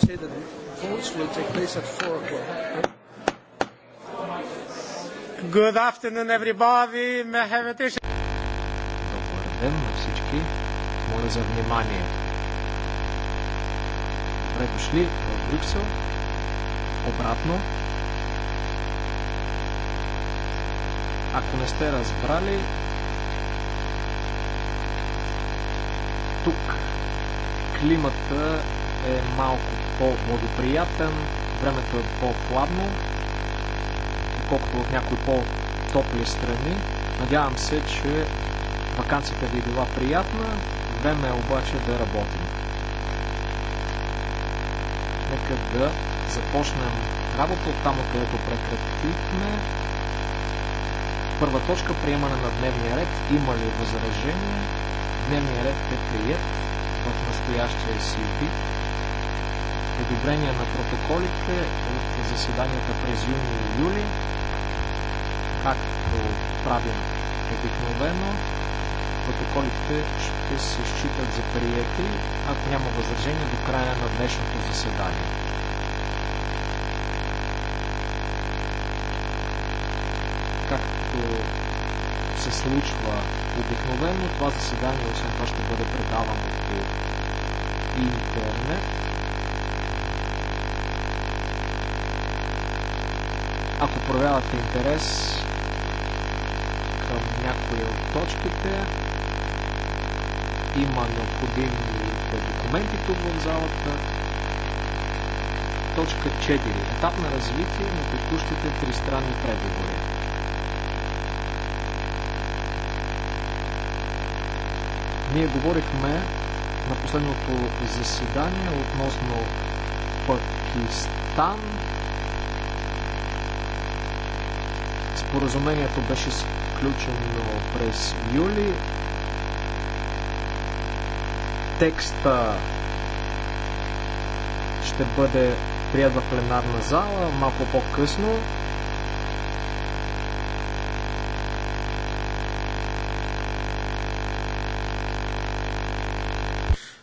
say that the votes will take place at 4 o'clock. Good afternoon, everybody. May I have attention? Добър ден на всички. Моля за внимание. Добре дошли в Брюксел. Обратно. Ако не сте разбрали, тук климата е малко по-благоприятен, времето е по-хладно, отколкото в някои по-топли страни. Надявам се, че вакансията ви е била приятна, време е обаче да работим. Нека да започнем работа от там, откъдето прекратихме. Първа точка – приемане на дневния ред. Има ли възражение? Дневния ред е прият в настоящия си вид одобрение на протоколите от заседанията през юни и юли, както правим обикновено. Протоколите ще се считат за приети, ако няма възражение до края на днешното заседание. Както се случва обикновено, това заседание освен това ще бъде предавано по интернет. Ако проявявате интерес към някои от точките, има необходимите документи тук в залата. Точка 4. Етап на развитие на текущите тристранни преговори. Ние говорихме на последното заседание относно Пакистан, Споразумението беше сключено през юли. Текста ще бъде прият в пленарна зала малко по-късно.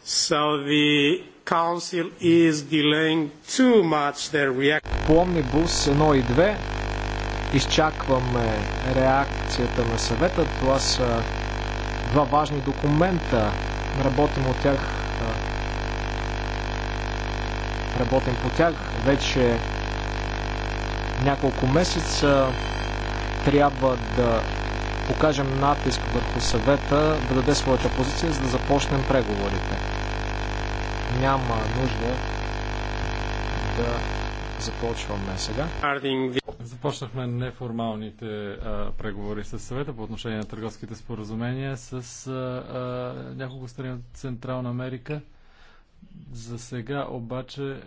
So the council is delaying too much their reaction. По Omnibus 1 и 2 Изчакваме реакцията на съвета. Това са два важни документа. Работим от тях. Работим по тях вече няколко месеца. Трябва да покажем натиск върху съвета, да даде своята позиция, за да започнем преговорите. Няма нужда да започваме сега започнахме неформалните а, преговори с съвета по отношение на търговските споразумения с а, а, няколко страни от Централна Америка. За сега обаче а,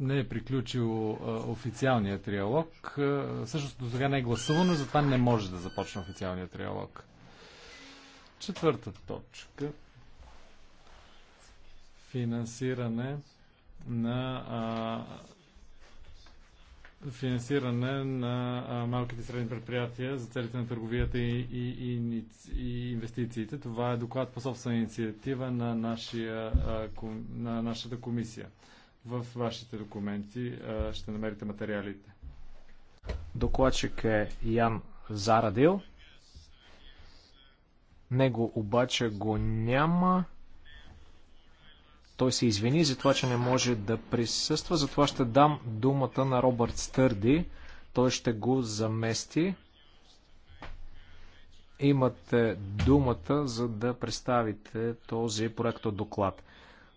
не е приключил а, официалния триалог. А, всъщност до сега не е гласувано, затова не може да започне официалния триалог. Четвърта точка. Финансиране на а, финансиране на малките и средни предприятия за целите на търговията и, и, и, и инвестициите. Това е доклад по собствена инициатива на, нашия, на нашата комисия. В вашите документи ще намерите материалите. Докладчик е Ян Зарадил. Него обаче го няма. Той се извини за това, че не може да присъства, затова ще дам думата на Робърт Стърди. Той ще го замести. Имате думата, за да представите този проект от доклад.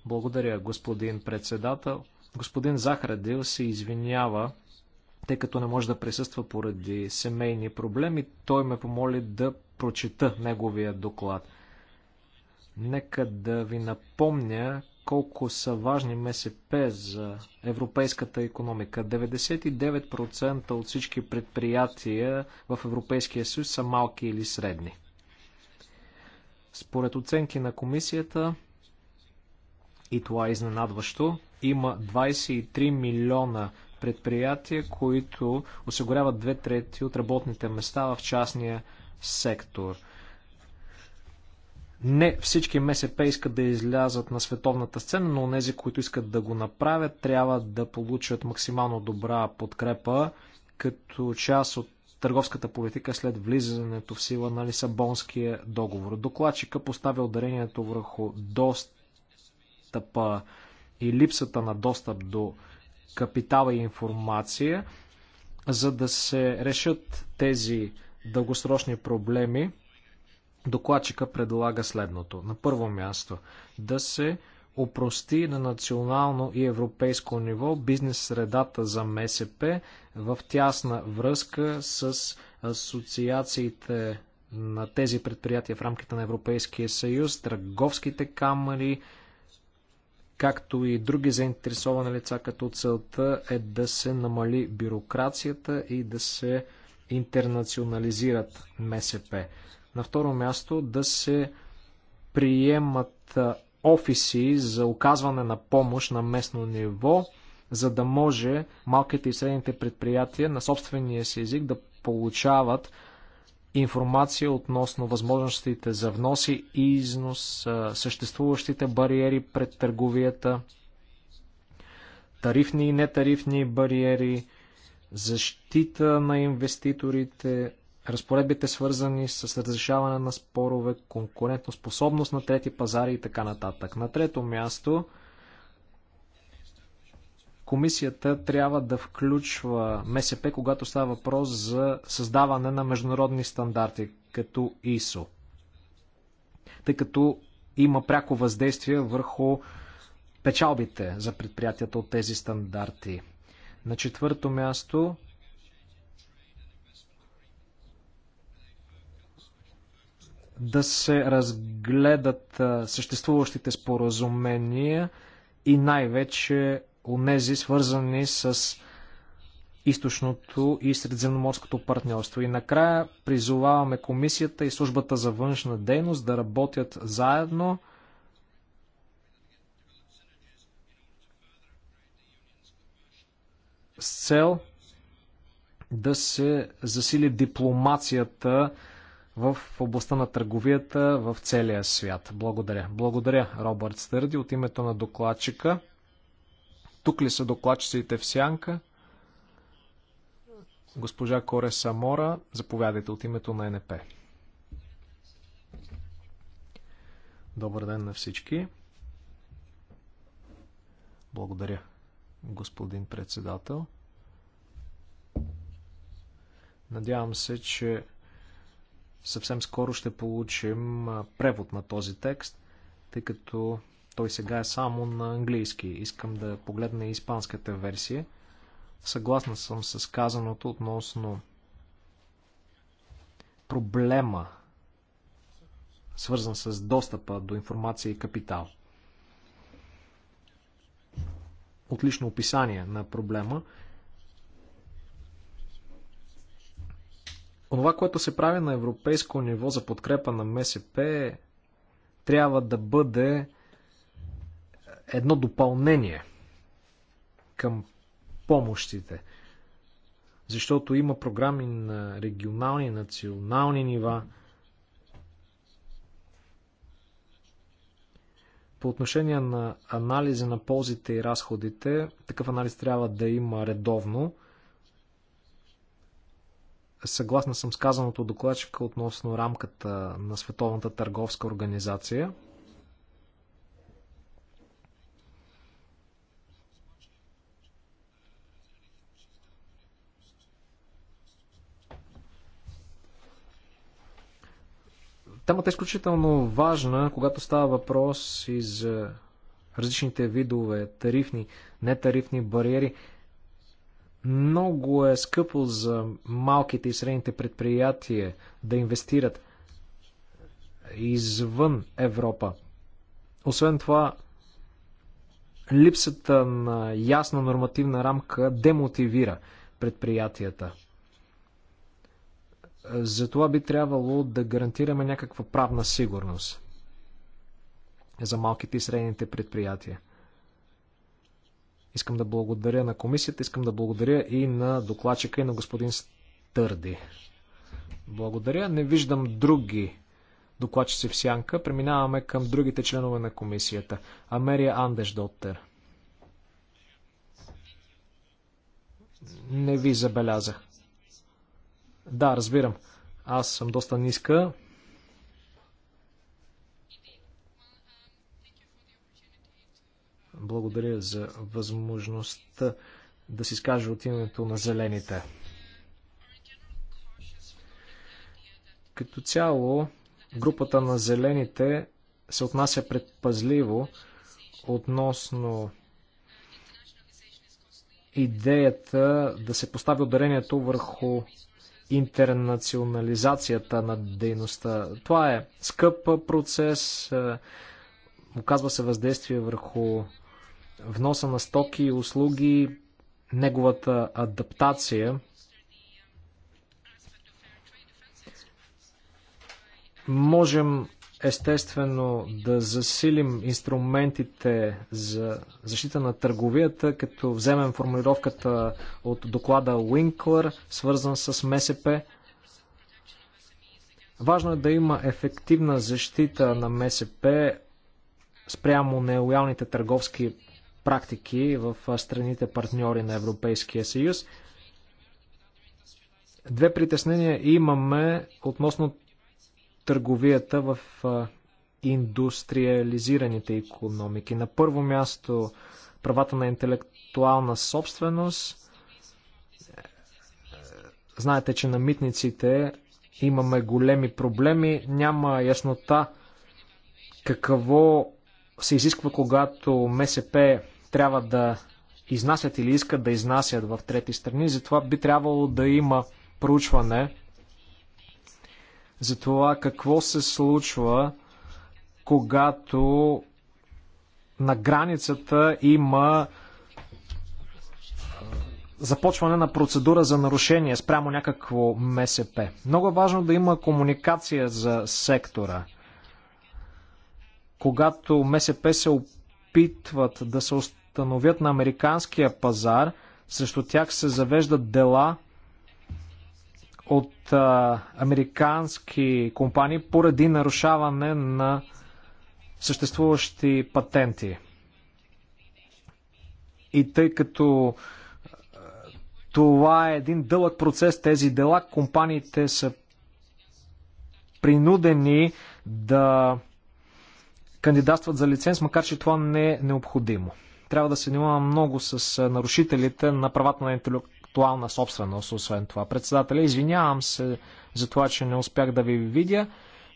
Благодаря, господин председател. Господин Захарадил се извинява, тъй като не може да присъства поради семейни проблеми. Той ме помоли да прочета неговия доклад. Нека да ви напомня колко са важни МСП за европейската економика. 99% от всички предприятия в Европейския съюз са малки или средни. Според оценки на комисията, и това е изненадващо, има 23 милиона предприятия, които осигуряват две трети от работните места в частния сектор – не всички МСП искат да излязат на световната сцена, но тези, които искат да го направят, трябва да получат максимално добра подкрепа като част от търговската политика след влизането в сила на Лисабонския договор. Докладчика поставя ударението върху достъпа и липсата на достъп до капитала и информация, за да се решат тези дългосрочни проблеми. Докладчика предлага следното. На първо място да се опрости на национално и европейско ниво бизнес средата за МСП в тясна връзка с асоциациите на тези предприятия в рамките на Европейския съюз, търговските камери, както и други заинтересовани лица, като целта е да се намали бюрокрацията и да се интернационализират МСП. На второ място да се приемат офиси за оказване на помощ на местно ниво, за да може малките и средните предприятия на собствения си език да получават информация относно възможностите за вноси и износ, съществуващите бариери пред търговията, тарифни и нетарифни бариери, защита на инвеститорите, разпоредбите свързани с разрешаване на спорове, способност на трети пазари и така нататък. На трето място, комисията трябва да включва МСП, когато става въпрос за създаване на международни стандарти, като ИСО. Тъй като има пряко въздействие върху печалбите за предприятията от тези стандарти. На четвърто място да се разгледат съществуващите споразумения и най-вече онези свързани с източното и средиземноморското партньорство. И накрая призоваваме комисията и службата за външна дейност да работят заедно с цел да се засили дипломацията в областта на търговията в целия свят. Благодаря. Благодаря, Робърт Стърди, от името на докладчика. Тук ли са докладчиците в сянка? Госпожа Коре Самора, заповядайте от името на НП. Добър ден на всички. Благодаря, господин председател. Надявам се, че Съвсем скоро ще получим превод на този текст, тъй като той сега е само на английски. Искам да погледна и испанската версия. Съгласна съм с казаното относно проблема, свързан с достъпа до информация и капитал. Отлично описание на проблема. Онова, което се прави на европейско ниво за подкрепа на МСП, трябва да бъде едно допълнение към помощите. Защото има програми на регионални, национални нива. По отношение на анализа на ползите и разходите, такъв анализ трябва да има редовно. Съгласна съм с казаното докладчика относно рамката на Световната търговска организация. Темата е изключително важна, когато става въпрос и за различните видове тарифни, нетарифни бариери. Много е скъпо за малките и средните предприятия да инвестират извън Европа. Освен това, липсата на ясна нормативна рамка демотивира предприятията. Затова би трябвало да гарантираме някаква правна сигурност за малките и средните предприятия. Искам да благодаря на комисията, искам да благодаря и на докладчика и на господин Стърди. Благодаря. Не виждам други докладчици в сянка. Преминаваме към другите членове на комисията. Америя Андеш Доттер. Не ви забелязах. Да, разбирам. Аз съм доста ниска. Благодаря за възможността да си скажа от името на зелените. Като цяло, групата на зелените се отнася предпазливо относно идеята да се постави ударението върху интернационализацията на дейността. Това е скъп процес, е, оказва се въздействие върху вноса на стоки и услуги, неговата адаптация. Можем естествено да засилим инструментите за защита на търговията, като вземем формулировката от доклада Winkler, свързан с МСП. Важно е да има ефективна защита на МСП спрямо нелоялните търговски практики в страните партньори на Европейския съюз. Две притеснения имаме относно търговията в индустриализираните економики. На първо място правата на интелектуална собственост. Знаете, че на митниците имаме големи проблеми. Няма яснота какво се изисква, когато МСП трябва да изнасят или искат да изнасят в трети страни. Затова би трябвало да има проучване за това какво се случва, когато на границата има започване на процедура за нарушение спрямо някакво МСП. Много е важно да има комуникация за сектора. Когато МСП се опитват да се установят на американския пазар. Срещу тях се завеждат дела от а, американски компании поради нарушаване на съществуващи патенти. И тъй като това е един дълъг процес, тези дела, компаниите са принудени да кандидатстват за лиценз, макар че това не е необходимо. Трябва да се внимава много с нарушителите на правата на интелектуална собственост, освен това. Председателя, извинявам се за това, че не успях да ви видя.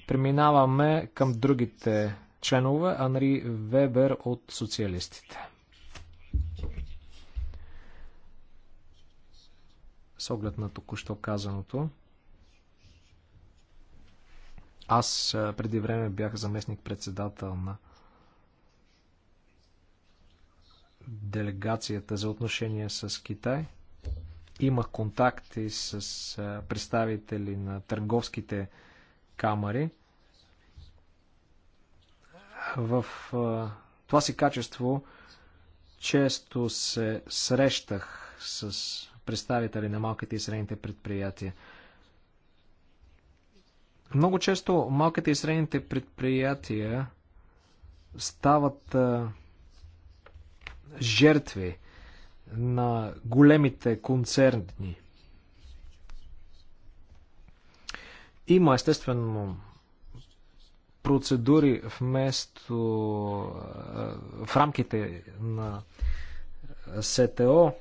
Преминаваме към другите членове. Анри Вебер от социалистите. С оглед на току-що казаното, аз преди време бях заместник председател на делегацията за отношения с Китай. имах контакти с представители на търговските камери. В това си качество често се срещах с представители на малките и средните предприятия. Много често малките и средните предприятия стават жертви на големите концерни. Има естествено процедури вместо в рамките на СТО.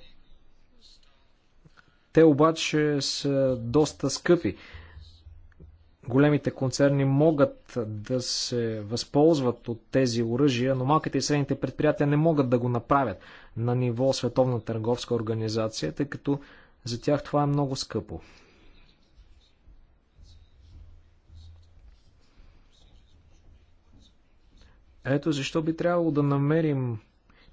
Те обаче са доста скъпи големите концерни могат да се възползват от тези оръжия, но малките и средните предприятия не могат да го направят на ниво Световна търговска организация, тъй като за тях това е много скъпо. Ето защо би трябвало да намерим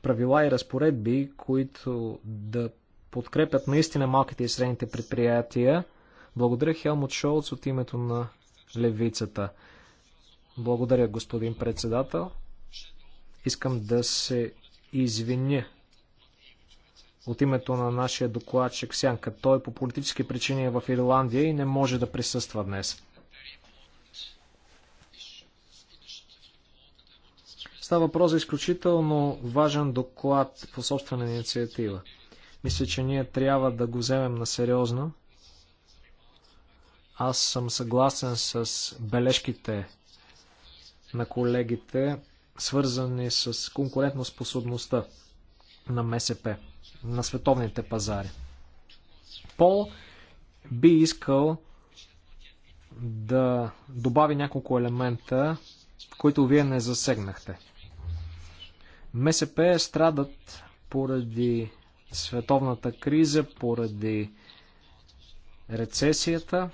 правила и разпоредби, които да подкрепят наистина малките и средните предприятия. Благодаря Хелмут Шолц от името на левицата. Благодаря, господин председател. Искам да се извиня от името на нашия докладчик Сянка. Той по политически причини е в Ирландия и не може да присъства днес. Става въпрос за изключително важен доклад по собствена инициатива. Мисля, че ние трябва да го вземем на сериозно. Аз съм съгласен с бележките на колегите, свързани с конкурентоспособността на МСП, на световните пазари. Пол би искал да добави няколко елемента, които вие не засегнахте. МСП страдат поради световната криза, поради рецесията.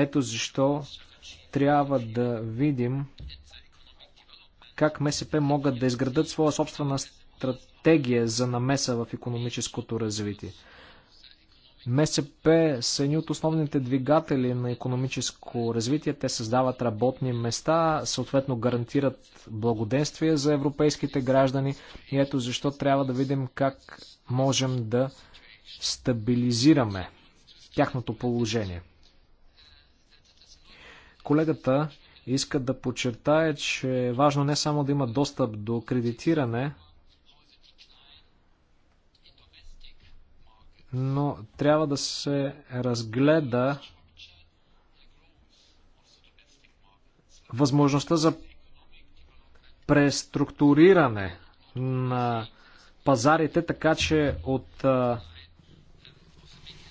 Ето защо трябва да видим как МСП могат да изградат своя собствена стратегия за намеса в економическото развитие. МСП са едни от основните двигатели на економическо развитие. Те създават работни места, съответно гарантират благоденствие за европейските граждани. И ето защо трябва да видим как можем да стабилизираме тяхното положение. Колегата иска да подчертае, че е важно не само да има достъп до кредитиране, но трябва да се разгледа възможността за преструктуриране на пазарите, така че от а,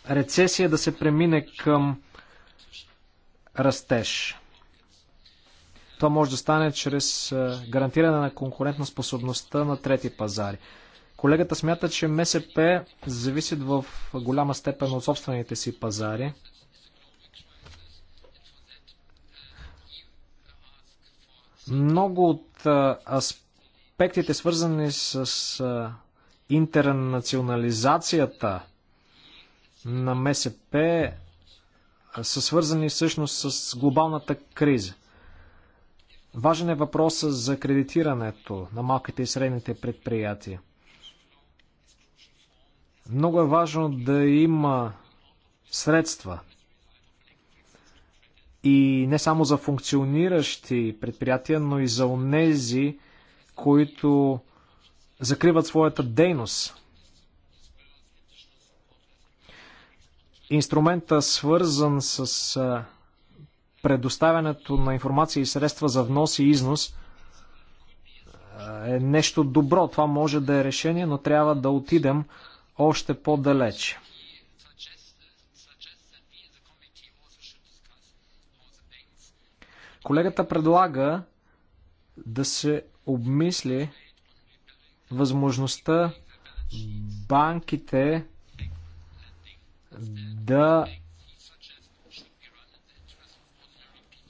рецесия да се премине към растеж. Това може да стане чрез гарантиране на конкурентна способността на трети пазари. Колегата смята, че МСП зависят в голяма степен от собствените си пазари. Много от аспектите, свързани с интернационализацията на МСП, са свързани всъщност с глобалната криза. Важен е въпросът за кредитирането на малките и средните предприятия. Много е важно да има средства и не само за функциониращи предприятия, но и за онези, които закриват своята дейност инструмента свързан с предоставянето на информация и средства за внос и износ е нещо добро. Това може да е решение, но трябва да отидем още по-далеч. Колегата предлага да се обмисли възможността банките да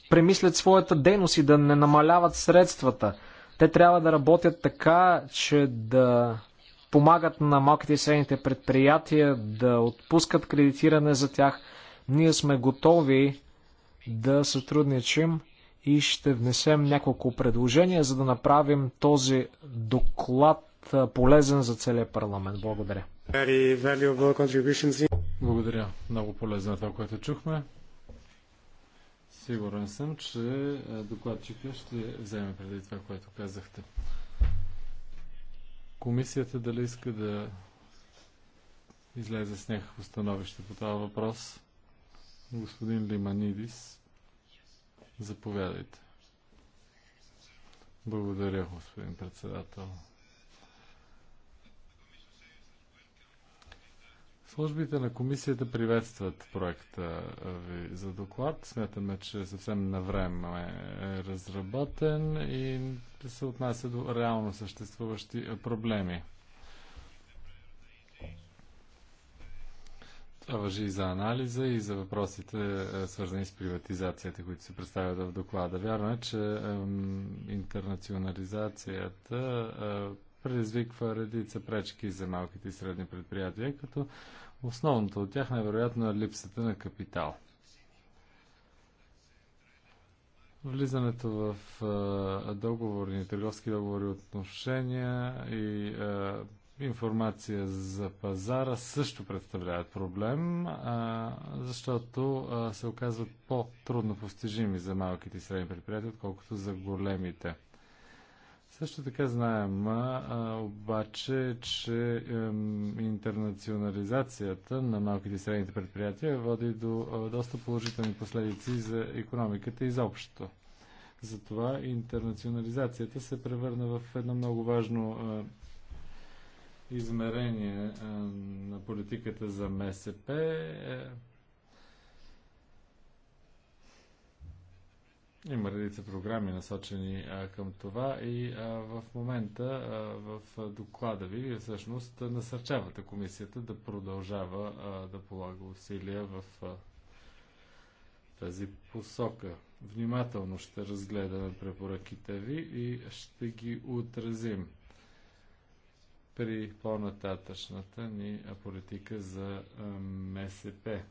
премислят своята дейност и да не намаляват средствата. Те трябва да работят така, че да помагат на малките и средните предприятия, да отпускат кредитиране за тях. Ние сме готови да сътрудничим и ще внесем няколко предложения, за да направим този доклад полезен за целия парламент. Благодаря. Благодаря. Много полезно е това, което чухме. Сигурен съм, че е, докладчика ще вземе преди това, което казахте. Комисията дали иска да излезе с някакво становище по това въпрос? Господин Лиманидис, заповядайте. Благодаря, господин председател. Службите на комисията приветстват проекта ви за доклад. Смятаме, че съвсем време е разработен и се отнася до реално съществуващи проблеми. Това въжи и за анализа, и за въпросите, свързани с приватизацията, които се представят в доклада. Вярно е, че интернационализацията предизвиква редица пречки за малките и средни предприятия, като Основното от тях най-вероятно е липсата на капитал. Влизането в а, договорни, търговски договори отношения и а, информация за пазара също представляват проблем, а, защото а, се оказват по-трудно постижими за малките и средни предприятия, отколкото за големите. Също така знаем а, обаче, че е, интернационализацията на малките и средните предприятия води до е, доста положителни последици за економиката изобщо. Затова интернационализацията се превърна в едно много важно е, измерение е, на политиката за МСП. Е, Има редица програми насочени а, към това и а, в момента а, в доклада ви всъщност насърчавате комисията да продължава а, да полага усилия в а, тази посока. Внимателно ще разгледаме препоръките ви и ще ги отразим при по-нататъчната ни политика за МСП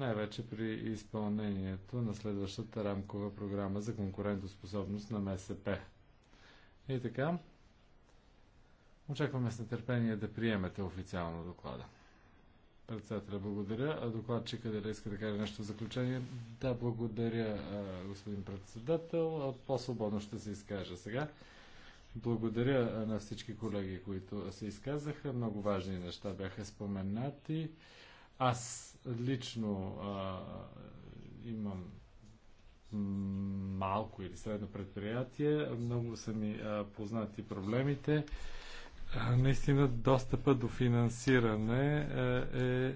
най-вече при изпълнението на следващата рамкова програма за конкурентоспособност на МСП. И така, очакваме с нетърпение да приемете официално доклада. Председателя, благодаря. А докладчика дали иска да каже нещо в заключение? Да, благодаря, господин председател. По-свободно ще се изкажа сега. Благодаря на всички колеги, които се изказаха. Много важни неща бяха споменати. Аз лично а, имам малко или средно предприятие, много са ми а, познати проблемите. А, наистина достъпа до финансиране а, е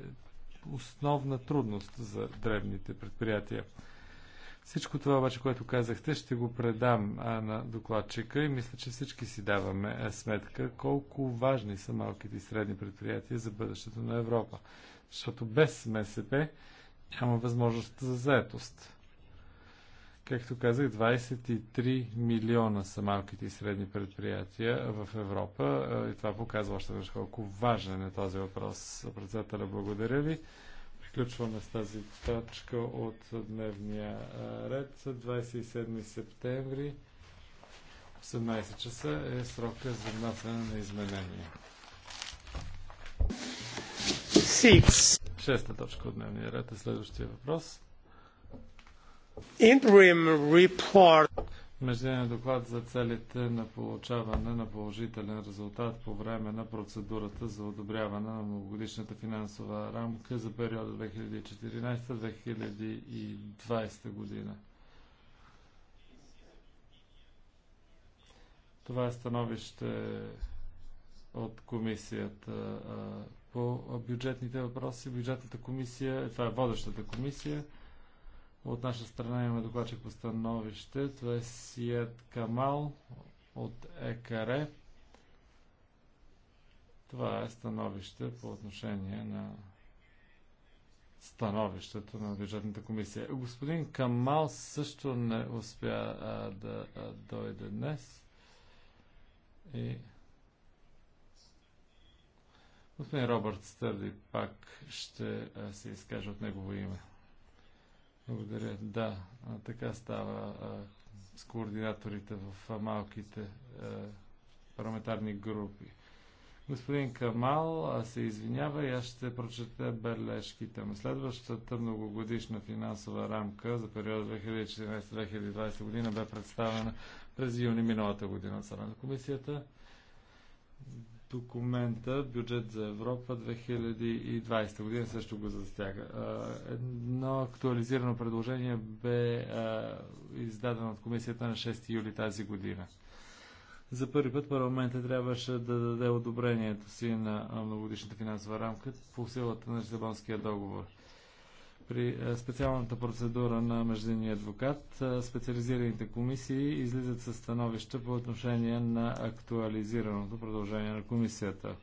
основна трудност за древните предприятия. Всичко това обаче, което казахте, ще го предам а, на докладчика и мисля, че всички си даваме сметка колко важни са малките и средни предприятия за бъдещето на Европа защото без МСП няма възможност за заетост. Както казах, 23 милиона са малките и средни предприятия в Европа и това показва още веднъж колко важен е този въпрос. Председателя, благодаря ви. Приключваме с тази точка от дневния ред. 27 септември 18 часа е срока за внасяне на изменения. Шеста точка от дневния ред е следващия въпрос. Interim report. Междинен доклад за целите на получаване на положителен резултат по време на процедурата за одобряване на многогодишната финансова рамка за периода 2014-2020 година. Това е становище от комисията по бюджетните въпроси. Бюджетната комисия, това е водещата комисия. От наша страна имаме докладчик по становище. Това е Сиет Камал от ЕКАРЕ. Това е становище по отношение на становището на бюджетната комисия. Господин Камал също не успя а, да а, дойде днес. И Господин Робърт Стърди пак ще се изкаже от негово име. Благодаря. Да, така става с координаторите в малките парламентарни групи. Господин Камал се извинява и аз ще прочета бележките му. Следващата многогодишна финансова рамка за периода 2014-2020 година бе представена през юни миналата година от страна на комисията документа Бюджет за Европа 2020 година също го застяга. Едно актуализирано предложение бе издадено от комисията на 6 юли тази година. За първи път парламентът трябваше да даде одобрението си на многогодишната финансова рамка по силата на Лисабонския договор. При е, специалната процедура на междинния адвокат е, специализираните комисии излизат със становища по отношение на актуализираното продължение на комисията.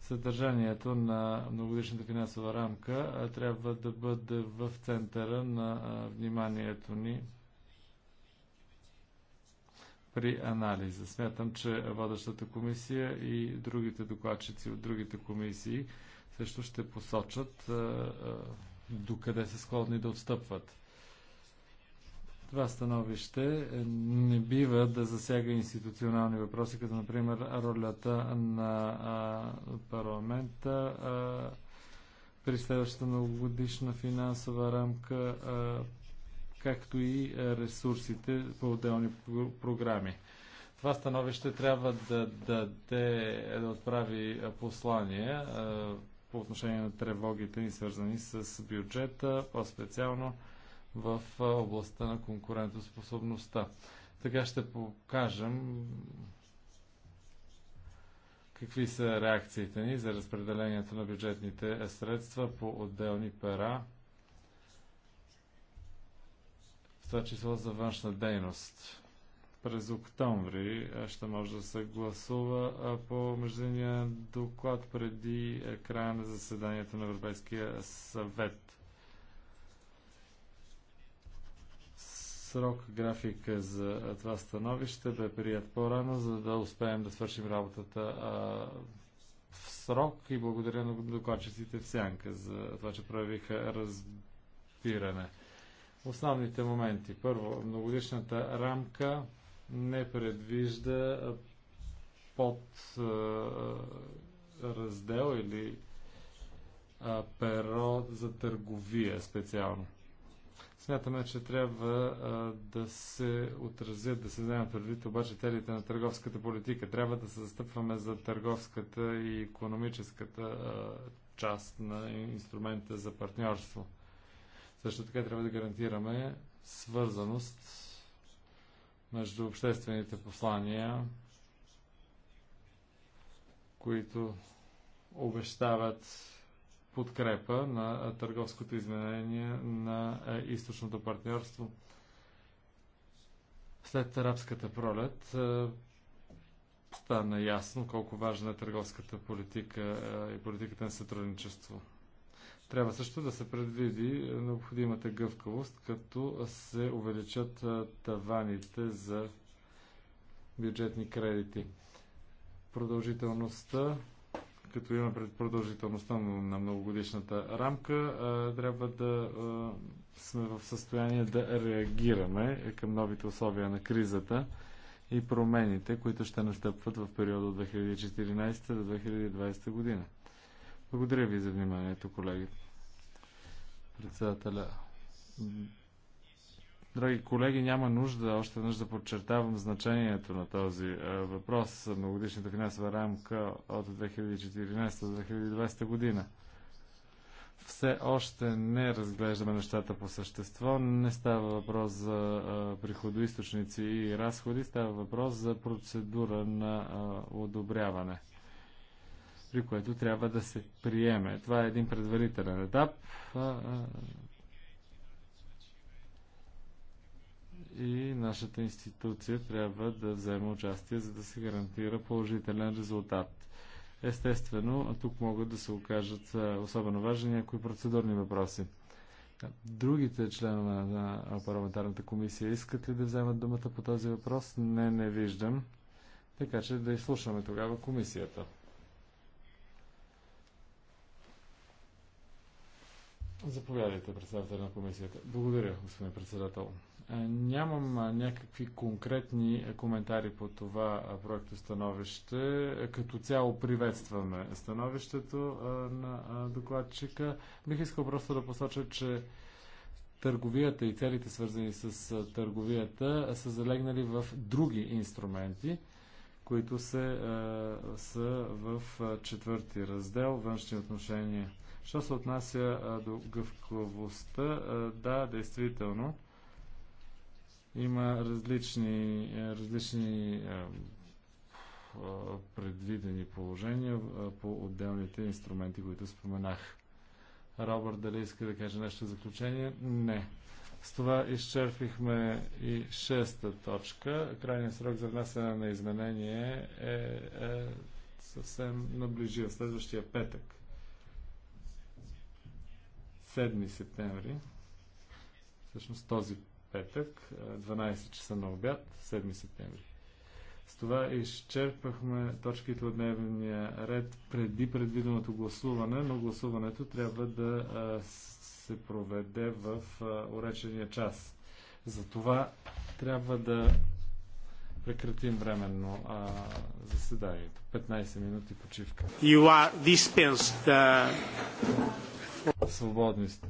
Съдържанието на многодишната финансова рамка е, трябва да бъде в центъра на вниманието ни при анализа. Смятам, че водещата комисия и другите докладчици от другите комисии също ще посочат къде са склонни да отстъпват. Това становище не бива да засяга институционални въпроси, като например ролята на парламента при следващата многогодишна финансова рамка, както и ресурсите по отделни програми. Това становище трябва да, да, да, да отправи послание по отношение на тревогите ни, свързани с бюджета, по-специално в областта на конкурентоспособността. Така ще покажем какви са реакциите ни за разпределението на бюджетните средства по отделни пера, в това число за външна дейност през октомври ще може да се гласува по междинния доклад преди е, края на заседанието на Европейския съвет. Срок графика е, за това становище бе прият по-рано, за да успеем да свършим работата в срок и благодаря на докладчиците в Сянка за това, че проявиха разбиране. Основните моменти. Първо, многодишната рамка не предвижда под раздел или перо за търговия специално. Смятаме, че трябва а, да се отразят, да се вземат предвид обаче целите на търговската политика. Трябва да се застъпваме за търговската и економическата а, част на инструмента за партньорство. Също така трябва да гарантираме свързаност между обществените послания, които обещават подкрепа на търговското изменение на източното партньорство. След арабската пролет стана ясно колко важна е търговската политика и политиката на сътрудничество. Трябва също да се предвиди необходимата гъвкавост, като се увеличат таваните за бюджетни кредити. Продължителността, като има пред продължителността на многогодишната рамка, трябва да сме в състояние да реагираме към новите условия на кризата и промените, които ще настъпват в периода от 2014 до 2020 година. Благодаря ви за вниманието, колеги. Председателя. Драги колеги, няма нужда още веднъж да подчертавам значението на този е, въпрос. Многодишната финансова рамка от 2014 до 2020 година. Все още не разглеждаме нещата по същество. Не става въпрос за е, приходоисточници и разходи, става въпрос за процедура на е, одобряване при което трябва да се приеме. Това е един предварителен етап. И нашата институция трябва да вземе участие, за да се гарантира положителен резултат. Естествено, тук могат да се окажат особено важни някои процедурни въпроси. Другите членове на парламентарната комисия искат ли да вземат думата по този въпрос? Не, не виждам. Така че да изслушаме тогава комисията. Заповядайте, председател на комисията. Благодаря, господин председател. Е, нямам някакви конкретни е, коментари по това проекто становище. Е, като цяло приветстваме становището на докладчика. Бих искал просто да посоча, че търговията и целите свързани с търговията са залегнали в други инструменти, които се, са в четвърти раздел външни отношения Що се отнася а, до гъвкавостта, а, да, действително има различни, различни а, предвидени положения по отделните инструменти, които споменах. Робърт, дали иска да каже нещо в заключение? Не. С това изчерпихме и шеста точка. Крайният срок за внасяне на изменение е, е съвсем наближил следващия петък. 7 септември, всъщност този петък, 12 часа на обяд, 7 септември. С това изчерпахме точките от дневния ред преди предвиденото гласуване, но гласуването трябва да се проведе в уречения час. Затова трябва да прекратим временно а, заседанието. 15 минути почивка. You are dispensed. Uh... Свободни сте.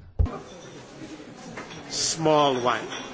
Small one.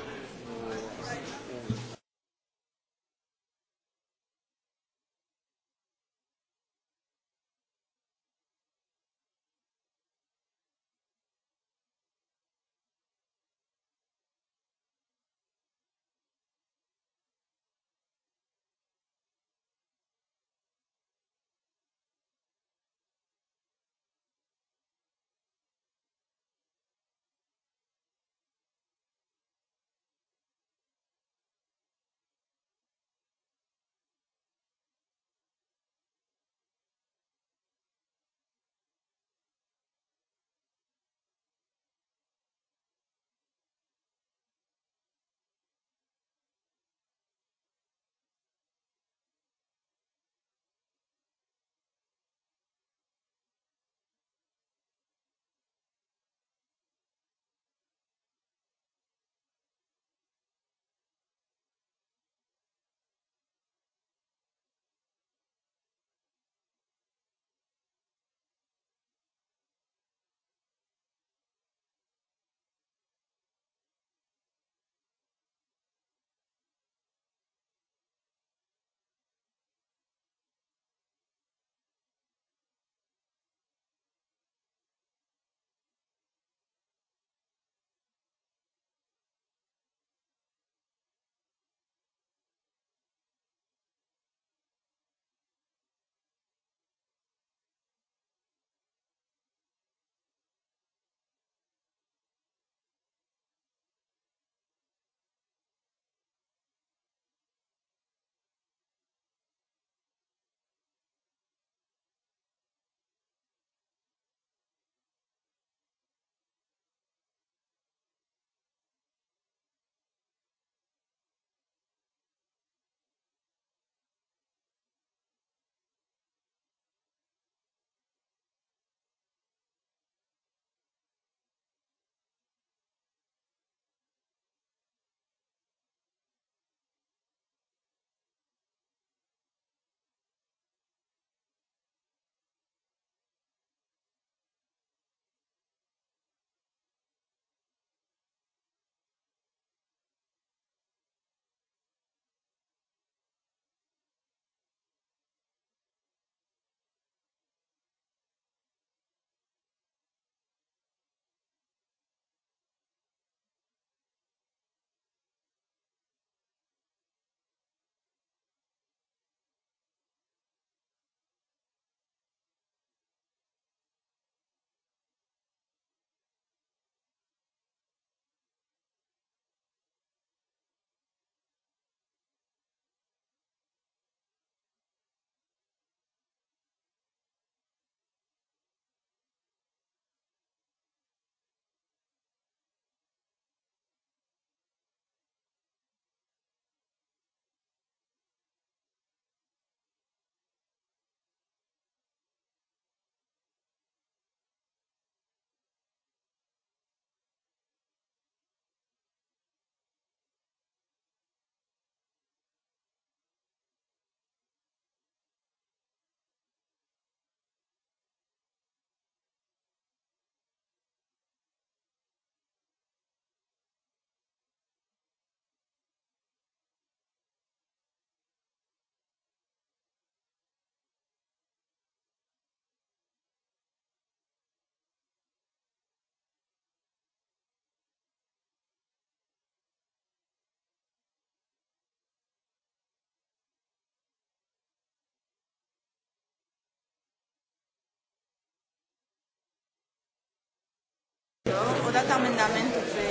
Ho dat amendamentul pe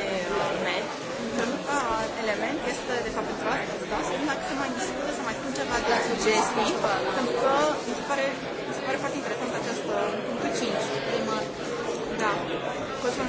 net, pentru că element este de fapt pentru asta, da? dacă se mai discută, să mai spun ceva de sugestii, pentru că mi pare, mi pare foarte interesant această punctul 5, prima, da, cosmul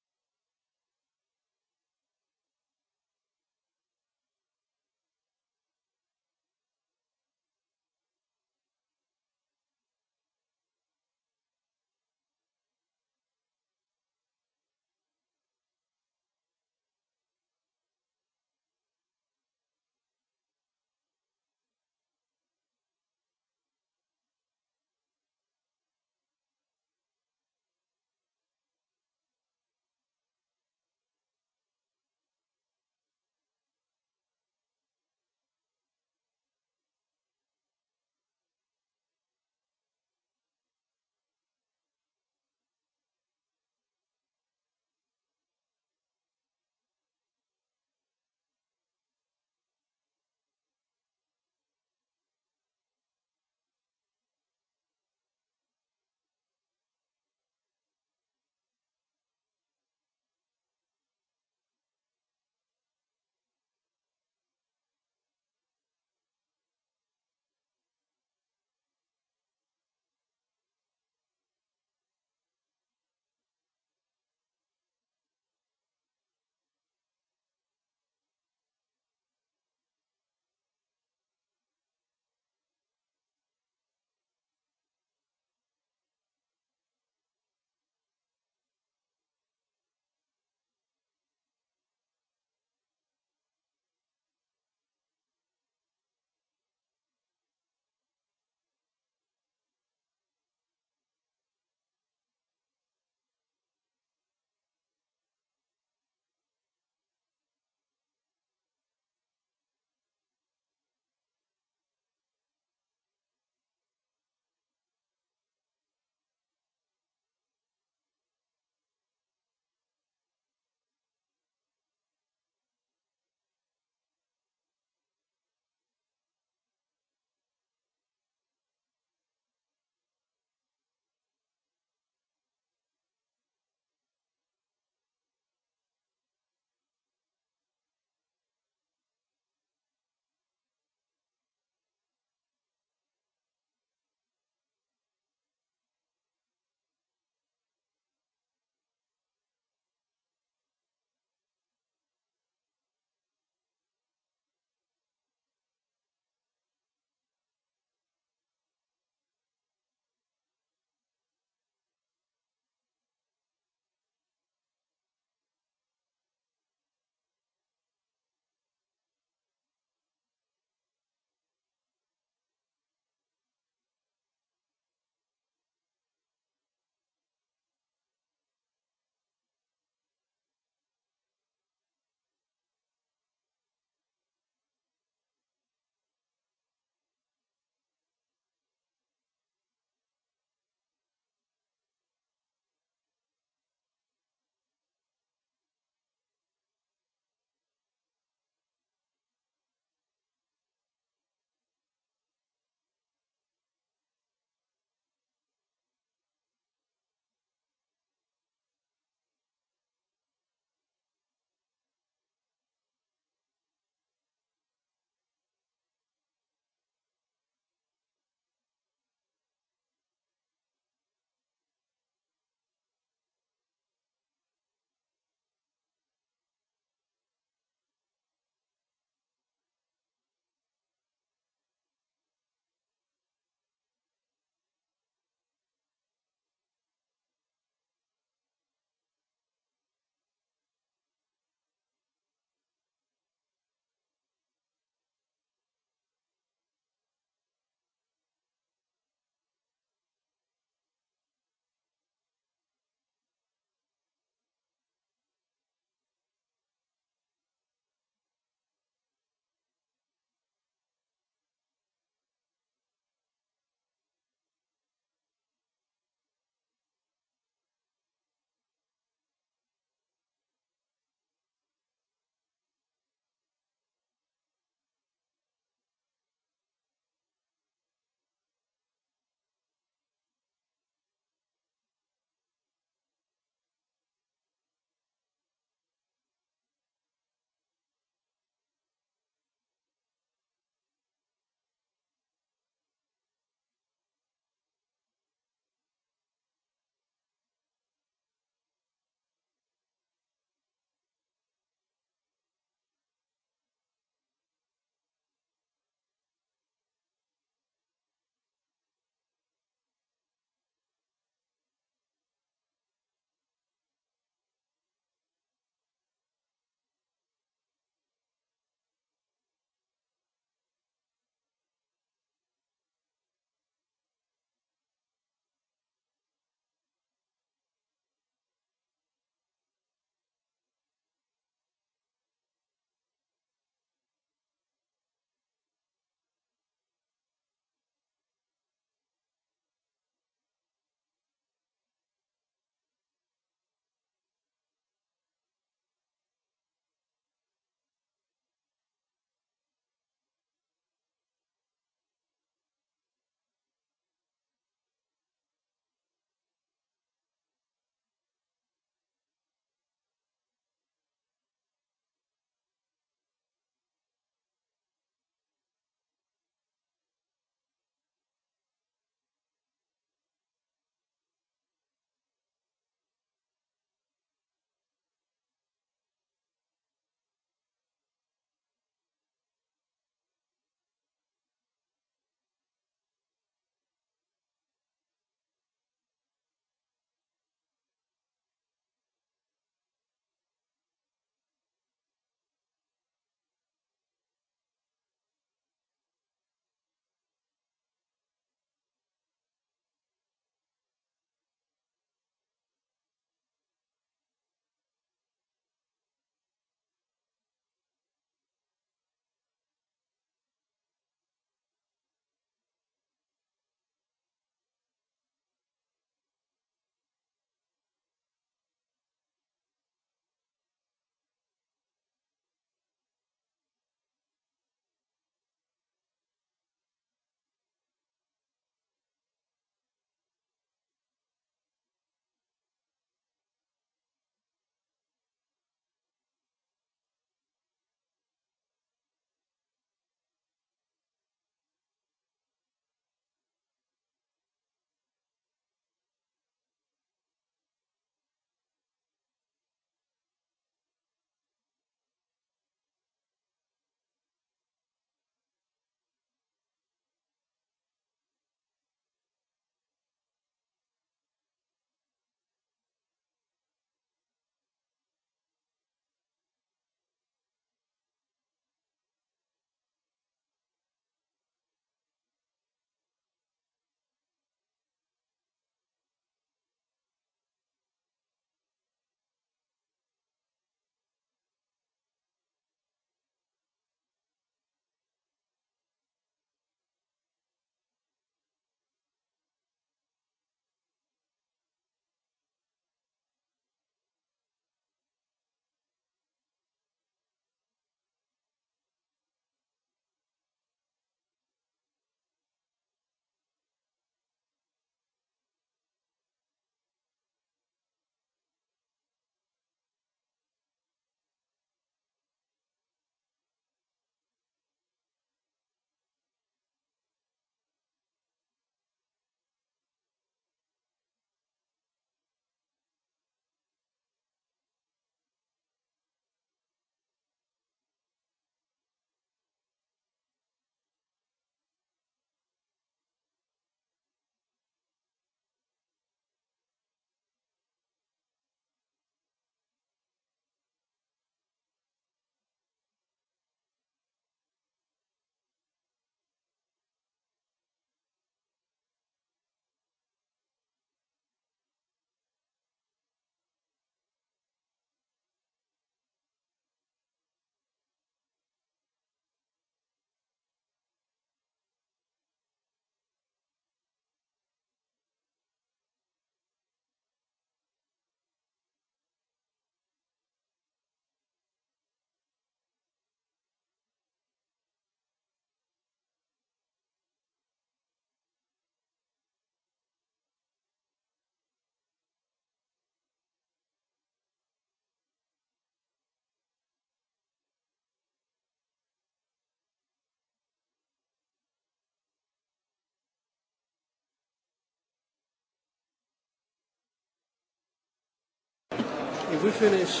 If we finish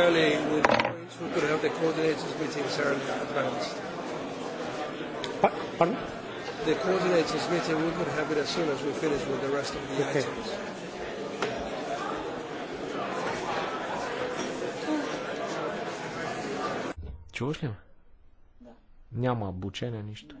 early we could have the coordinators' meetings early advanced. Pardon? The coordinators' meeting, we could have it as soon as we finish with the rest of the okay. items. Чуваш ли ме? Да. Няма обучение, нищо. Да.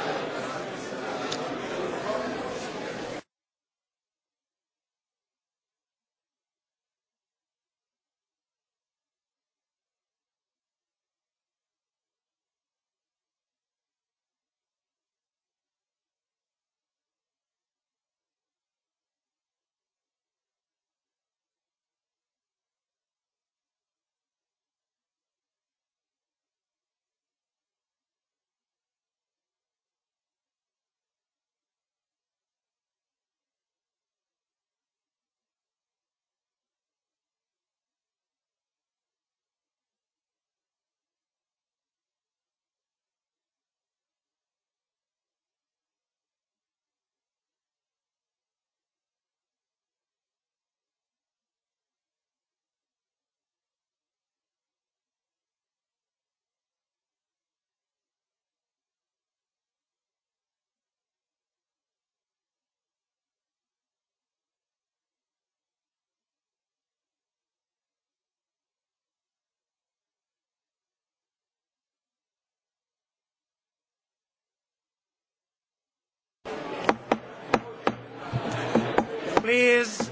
please.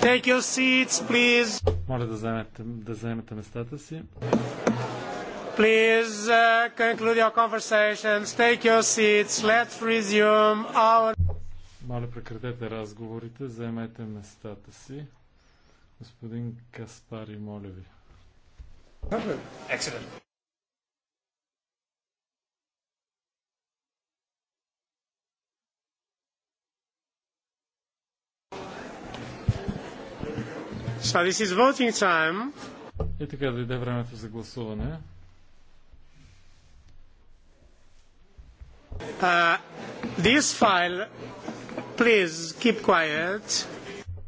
Take your seats, please. Моля да заемете, да заемете местата си. Please uh, conclude your conversations. Take your seats. Let's resume our... Моля, прекратете разговорите, заемете местата си. Господин Каспари, моля ви. Excellent. So this is voting time. И така дойде времето за гласуване. Uh, this file, please keep quiet.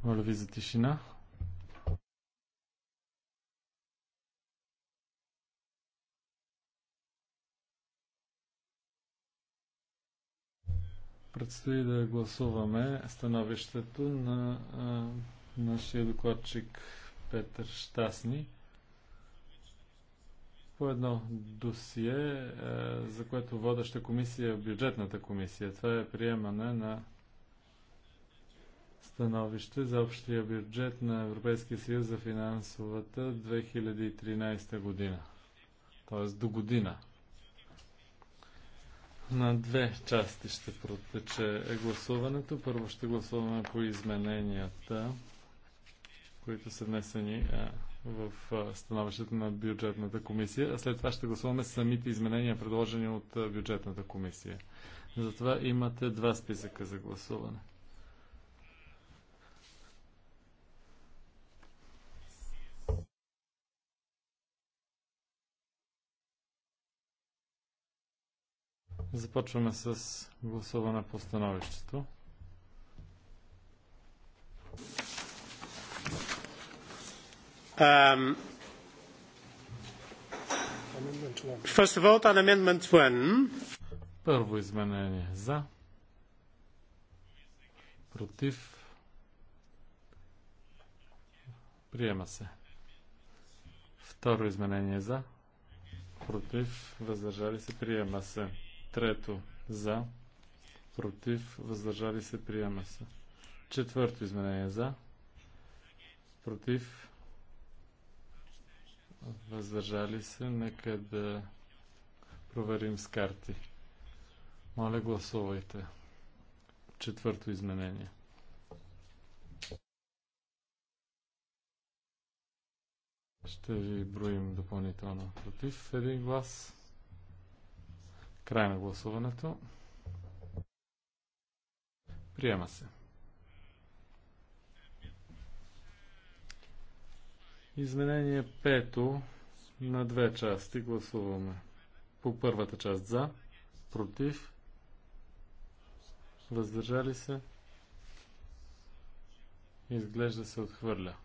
Моля ви за тишина. Предстои да гласуваме становището на а, нашия докладчик Петър Штасни по едно досие, за което водеща комисия е бюджетната комисия. Това е приемане на становище за общия бюджет на Европейския съюз за финансовата 2013 година. Тоест до година. На две части ще протече гласуването. Първо ще гласуваме по измененията, които са внесени в становището на бюджетната комисия, а след това ще гласуваме самите изменения, предложени от бюджетната комисия. Затова имате два списъка за гласуване. Започваме с гласуване по становището. Um, first of on Amendment 1. Първо изменение за. Против. Приема се. Второ изменение за. Против. Въздържали се. Приема се. Трето. За. Против. Въздържали се. Приема се. Четвърто изменение. За. Против. Въздържали се. Нека да проверим с карти. Моля, гласувайте. Четвърто изменение. Ще ви броим допълнително против един глас. Край на гласуването. Приема се. Изменение пето на две части гласуваме. По първата част за, против, въздържали се, изглежда се отхвърля.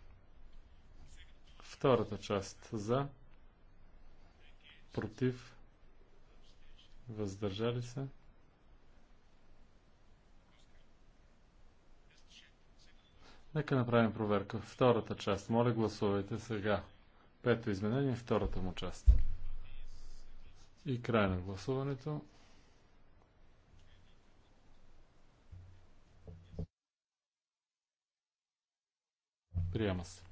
Втората част за, против, въздържали се. Нека направим проверка. Втората част. Моля, гласувайте сега. Пето изменение, втората му част. И край на гласуването. Приема се.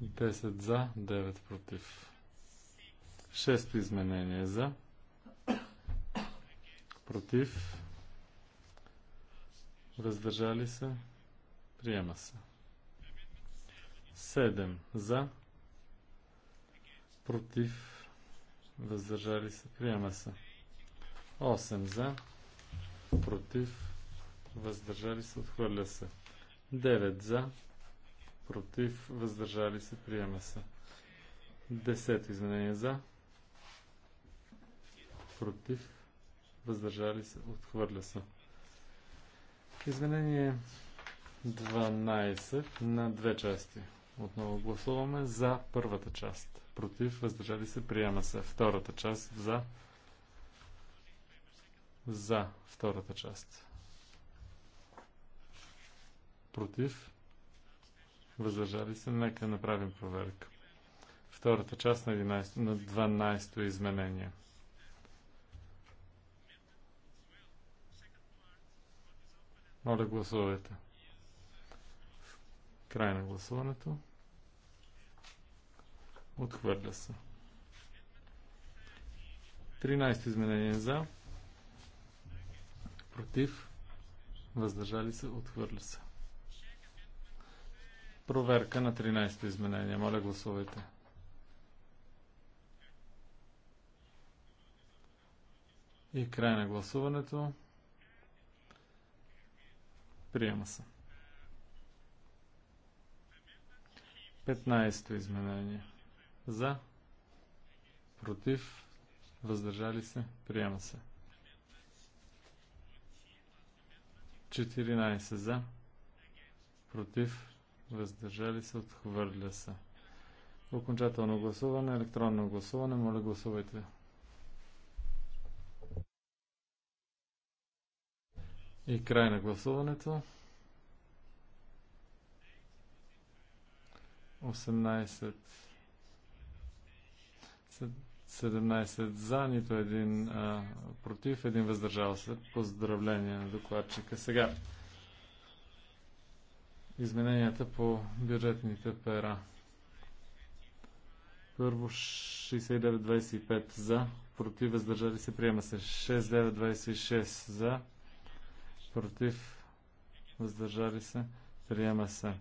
10 за, 9 против. Шесто изменение за. Против. Въздържали се. Приема се. 7 за. Против. Въздържали се. Приема се. 8 за. Против. Въздържали се. Отхвърля се. 9 за против, въздържали се, приема се. Десет изменения за, против, въздържали се, отхвърля се. Изменение 12 на две части. Отново гласуваме за първата част. Против, въздържали се, приема се. Втората част за. За втората част. Против, въздържали се, нека направим проверка. Втората част на, 11, на 12-то изменение. Моля, гласувайте. Край на гласуването. Отхвърля се. 13 изменение за. Против. Въздържали се. Отхвърля се. Проверка на 13-то изменение. Моля, гласувайте. И край на гласуването. Приема се. 15-то изменение. За. Против. Въздържали се. Приема се. 14 за. Против въздържали се, отхвърля се. Окончателно гласуване, електронно гласуване, моля гласувайте. И край на гласуването. 18 17 за, нито един а, против, един въздържал се. Поздравления на докладчика. Сега измененията по бюджетните пера. Първо 6925 за, против, въздържали се, приема се. 6926 за, против, въздържали се, приема се.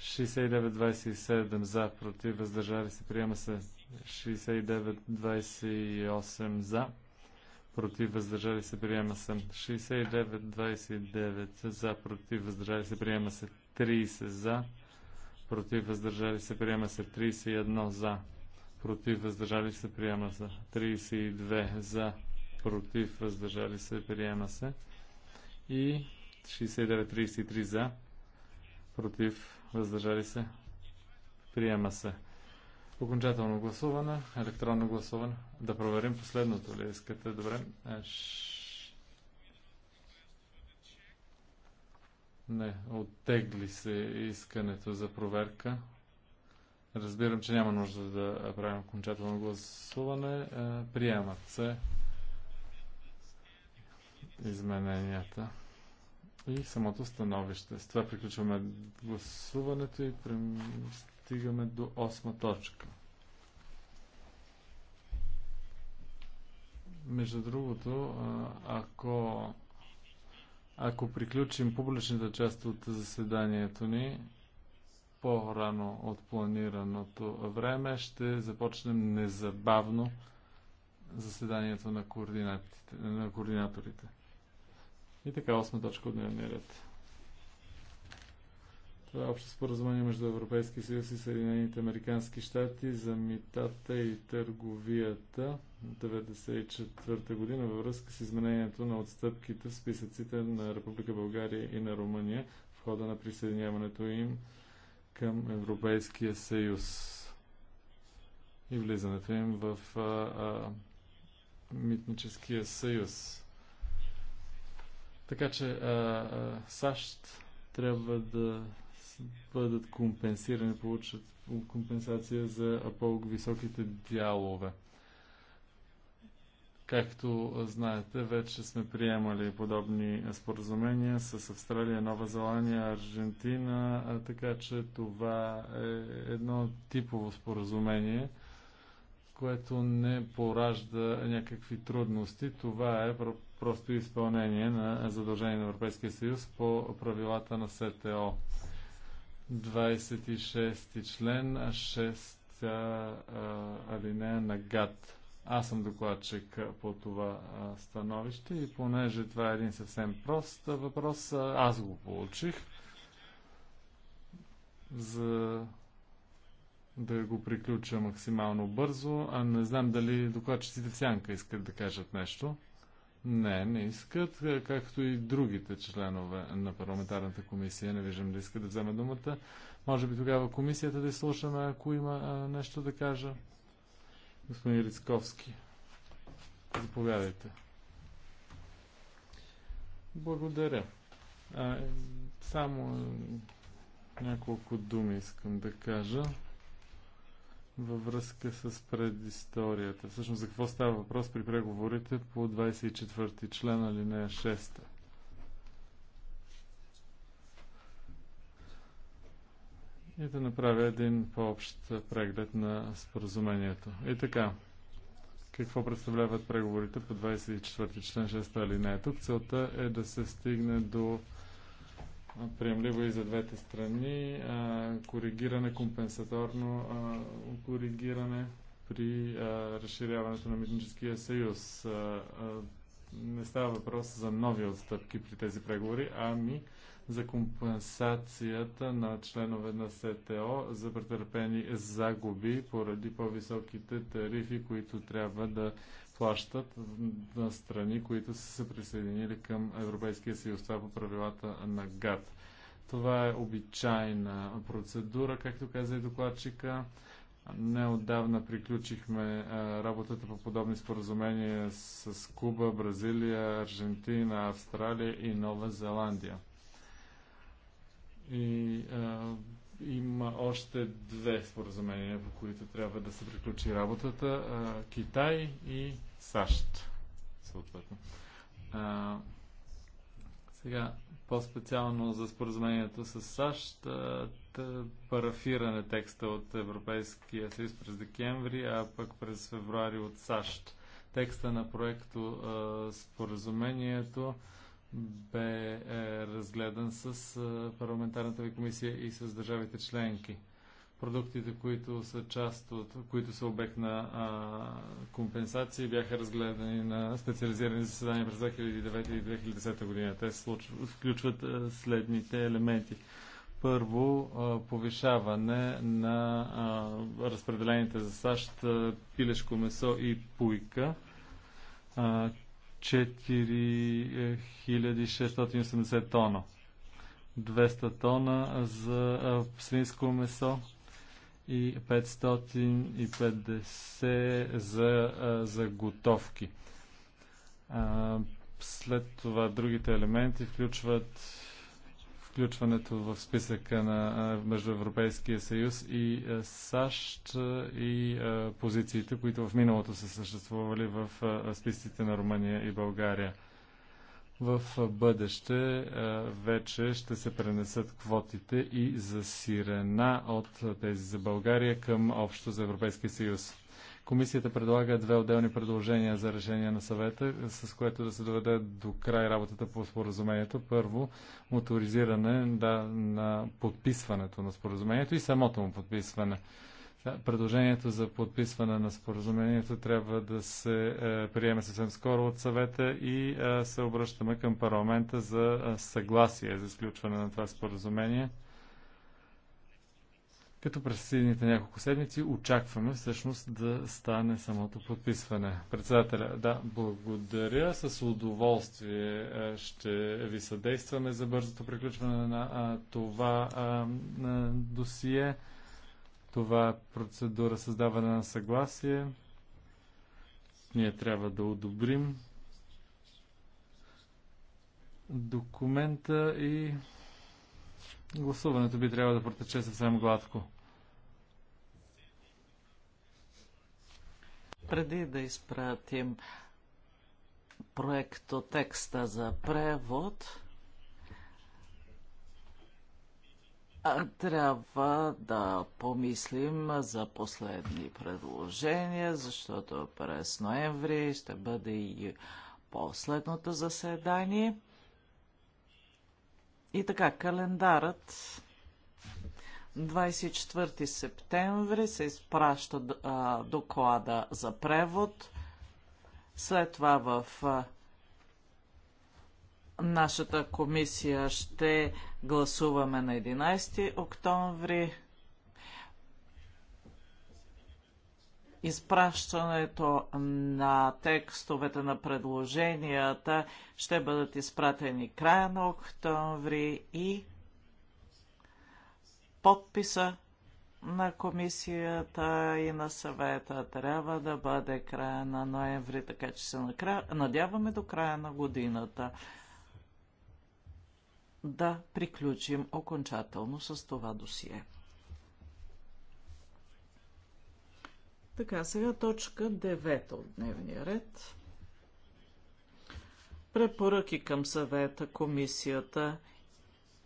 6927 за, против, въздържали се, приема се. 6928 за, против, въздържали се, приема се. 6929 за, против, въздържали се, приема се. 30 за, против въздържали се, приема се 31 за, против въздържали се, приема се 32 за, против въздържали се, приема се и 69-33 за, против въздържали се, приема се. Окончателно гласуване, електронно гласуване. Да проверим последното ли искате. Добре. Е, Не, оттегли се искането за проверка. Разбирам, че няма нужда да правим окончателно гласуване. Е, приемат се измененията и самото становище. С това приключваме гласуването и стигаме до осма точка. Между другото, ако ако приключим публичната част от заседанието ни по-рано от планираното време, ще започнем незабавно заседанието на, на координаторите. И така, осма точка от дневния ред. Това е общо споразумение между Европейския съюз и Съединените Американски щати за митата и търговията 1994 година във връзка с изменението на отстъпките в списъците на Република България и на Румъния в хода на присъединяването им към Европейския съюз и влизането им в а, а, митническия съюз. Така че а, а, САЩ трябва да бъдат компенсирани, получат компенсация за по-високите дялове. Както знаете, вече сме приемали подобни споразумения с Австралия, Нова Зеландия, Аржентина, така че това е едно типово споразумение, което не поражда някакви трудности. Това е просто изпълнение на задължение на Европейския съюз по правилата на СТО. 26 член, а 6 алинея на ГАД. Аз съм докладчик по това а, становище и понеже това е един съвсем прост въпрос, аз го получих за да го приключа максимално бързо, а не знам дали докладчиците в сянка искат да кажат нещо. Не, не искат, е, както и другите членове на парламентарната комисия. Не виждам да искат да вземе думата. Може би тогава комисията да изслушаме, ако има а, е, нещо да кажа. Господин Рицковски, заповядайте. Благодаря. А, само е, няколко думи искам да кажа във връзка с предисторията. Всъщност за какво става въпрос при преговорите по 24 член алинея 6? И да направя един по-общ преглед на споразумението. И така, какво представляват преговорите по 24 член 6 алинея? Тук целта е да се стигне до приемливо и за двете страни. Коригиране, компенсаторно коригиране при разширяването на Митническия съюз. Не става въпрос за нови отстъпки при тези преговори, ами за компенсацията на членове на СТО за претърпени загуби поради по-високите тарифи, които трябва да плащат на страни, които са се присъединили към Европейския съюз. Това е по правилата на ГАТ. Това е обичайна процедура, както каза и докладчика. Неодавна приключихме работата по подобни споразумения с Куба, Бразилия, Аржентина, Австралия и Нова Зеландия. И а, има още две споразумения, по които трябва да се приключи работата. Китай и САЩ, съответно. А, сега, по-специално за споразумението с САЩ, парафиране текста от Европейския съюз през декември, а пък през февруари от САЩ. Текста на проекто а, споразумението бе е, разгледан с е, парламентарната ви комисия и с държавите членки. Продуктите, които са част от, които са обект на а, компенсации, бяха разгледани на специализирани заседания през 2009 и 2010 година. Те включват а, е, следните елементи. Първо, а, е, повишаване на а, разпределените за САЩ е, пилешко месо и пуйка 4680 тона. 200 тона за свинско месо и 550 за заготовки. След това другите елементи включват включването в списъка на между Европейския съюз и САЩ и позициите, които в миналото са съществували в списъците на Румъния и България. В бъдеще вече ще се пренесат квотите и за сирена от тези за България към общо за Европейския съюз. Комисията предлага две отделни предложения за решение на съвета, с което да се доведе до край работата по споразумението. Първо, моторизиране да, на подписването на споразумението и самото му подписване. Предложението за подписване на споразумението трябва да се е, приеме съвсем скоро от съвета и е, се обръщаме към парламента за е, съгласие за изключване на това споразумение като през следните няколко седмици очакваме всъщност да стане самото подписване. Председателя, да, благодаря. С удоволствие ще ви съдействаме за бързото приключване на а, това а, на досие. Това е процедура създаване на съгласие. Ние трябва да одобрим документа и гласуването би трябвало да протече съвсем гладко. Преди да изпратим проекто текста за превод, трябва да помислим за последни предложения, защото през ноември ще бъде и последното заседание. И така, календарът 24 септември се изпраща а, доклада за превод. След това в а, нашата комисия ще гласуваме на 11 октомври. изпращането на текстовете на предложенията ще бъдат изпратени края на октомври и подписа на комисията и на съвета трябва да бъде края на ноември, така че се надяваме до края на годината да приключим окончателно с това досие. Така, сега точка 9 от дневния ред. Препоръки към съвета, комисията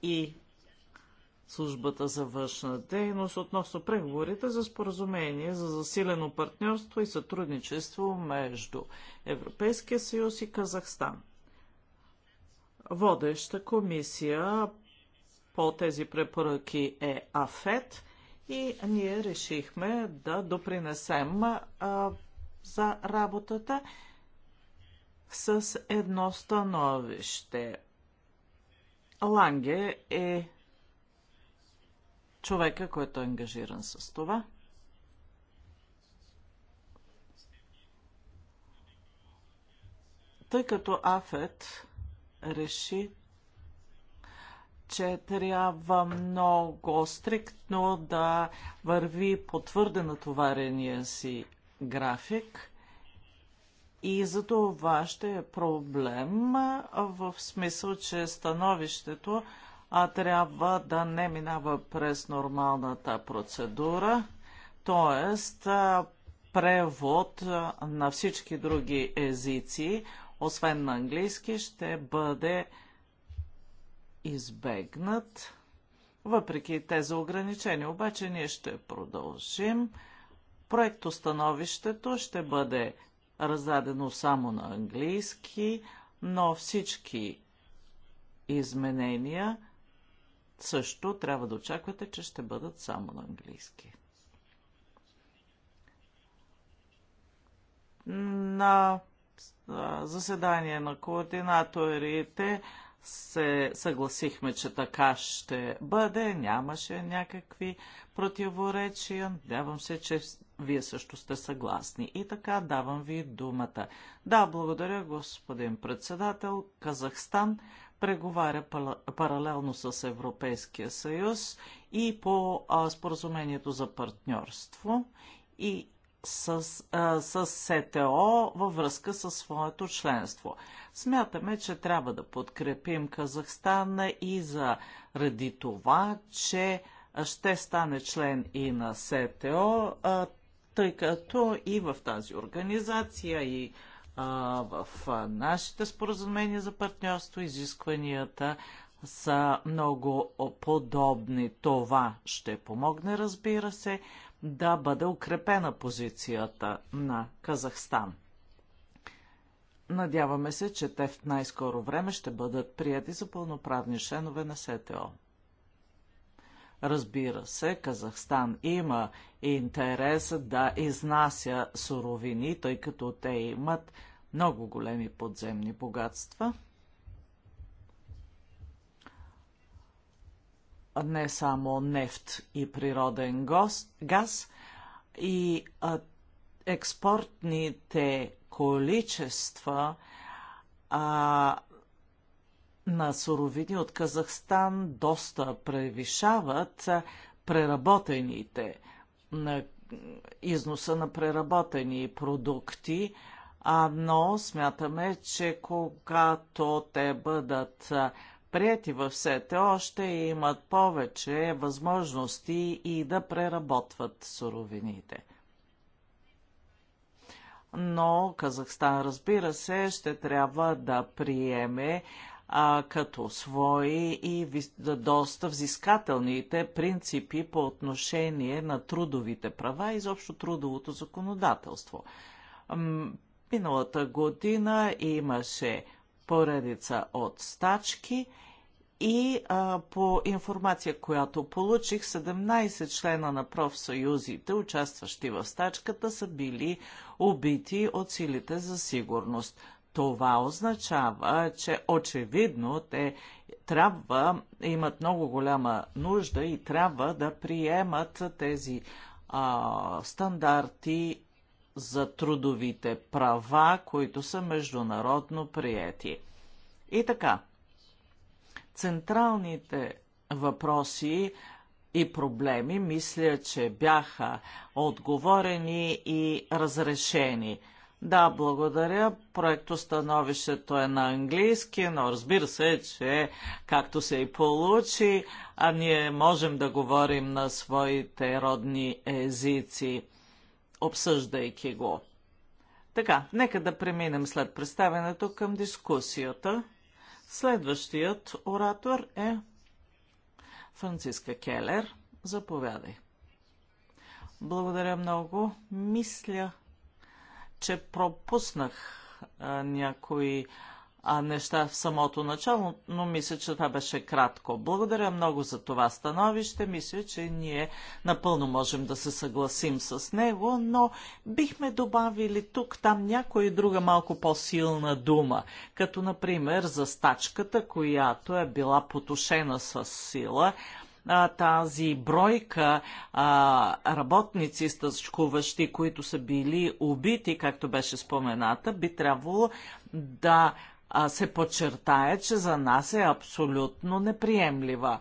и службата за външна дейност относно преговорите за споразумение за засилено партньорство и сътрудничество между Европейския съюз и Казахстан. Водеща комисия по тези препоръки е АФЕТ и ние решихме да допринесем а, за работата с едно становище. Ланге е човека, който е ангажиран с това. Тъй като Афет реши, че трябва много стриктно да върви по твърде натоварения си график и за това ще е проблем в смисъл, че становището а трябва да не минава през нормалната процедура, т.е. превод на всички други езици, освен на английски, ще бъде избегнат. Въпреки тези ограничения, обаче ние ще продължим. Проектостановището ще бъде раздадено само на английски, но всички изменения – също трябва да очаквате, че ще бъдат само на английски. На заседание на координаторите се съгласихме, че така ще бъде, нямаше някакви противоречия. Надявам се, че вие също сте съгласни. И така давам ви думата. Да, благодаря, господин председател. Казахстан преговаря паралелно с Европейския съюз и по споразумението за партньорство и с, а, с СТО във връзка със своето членство. Смятаме, че трябва да подкрепим Казахстан и заради това, че ще стане член и на СТО, а, тъй като и в тази организация, и в нашите споразумения за партньорство изискванията са много подобни. Това ще помогне, разбира се, да бъде укрепена позицията на Казахстан. Надяваме се, че те в най-скоро време ще бъдат прияти за пълноправни членове на СТО. Разбира се, Казахстан има интерес да изнася суровини, тъй като те имат много големи подземни богатства. Не само нефт и природен газ, и експортните количества а, на суровини от Казахстан доста превишават преработените на износа на преработени продукти а, но смятаме, че когато те бъдат прияти в сете, още имат повече възможности и да преработват суровините. Но Казахстан, разбира се, ще трябва да приеме а, като свои и доста взискателните принципи по отношение на трудовите права и изобщо трудовото законодателство Миналата година имаше поредица от стачки и а, по информация, която получих, 17 члена на профсъюзите, участващи в стачката, са били убити от силите за сигурност. Това означава, че очевидно те трябва, имат много голяма нужда и трябва да приемат тези а, стандарти за трудовите права, които са международно приети. И така, централните въпроси и проблеми, мисля, че бяха отговорени и разрешени. Да, благодаря. становището е на английски, но разбира се, че както се и получи, а ние можем да говорим на своите родни езици обсъждайки го. Така, нека да преминем след представенето към дискусията. Следващият оратор е Франциска Келер. Заповядай. Благодаря много. Мисля, че пропуснах а, някои а, неща в самото начало, но мисля, че това беше кратко. Благодаря много за това становище. Мисля, че ние напълно можем да се съгласим с него, но бихме добавили тук там някоя друга малко по-силна дума, като например за стачката, която е била потушена с сила, а, тази бройка а, работници стъчкуващи, които са били убити, както беше спомената, би трябвало да се подчертае, че за нас е абсолютно неприемлива.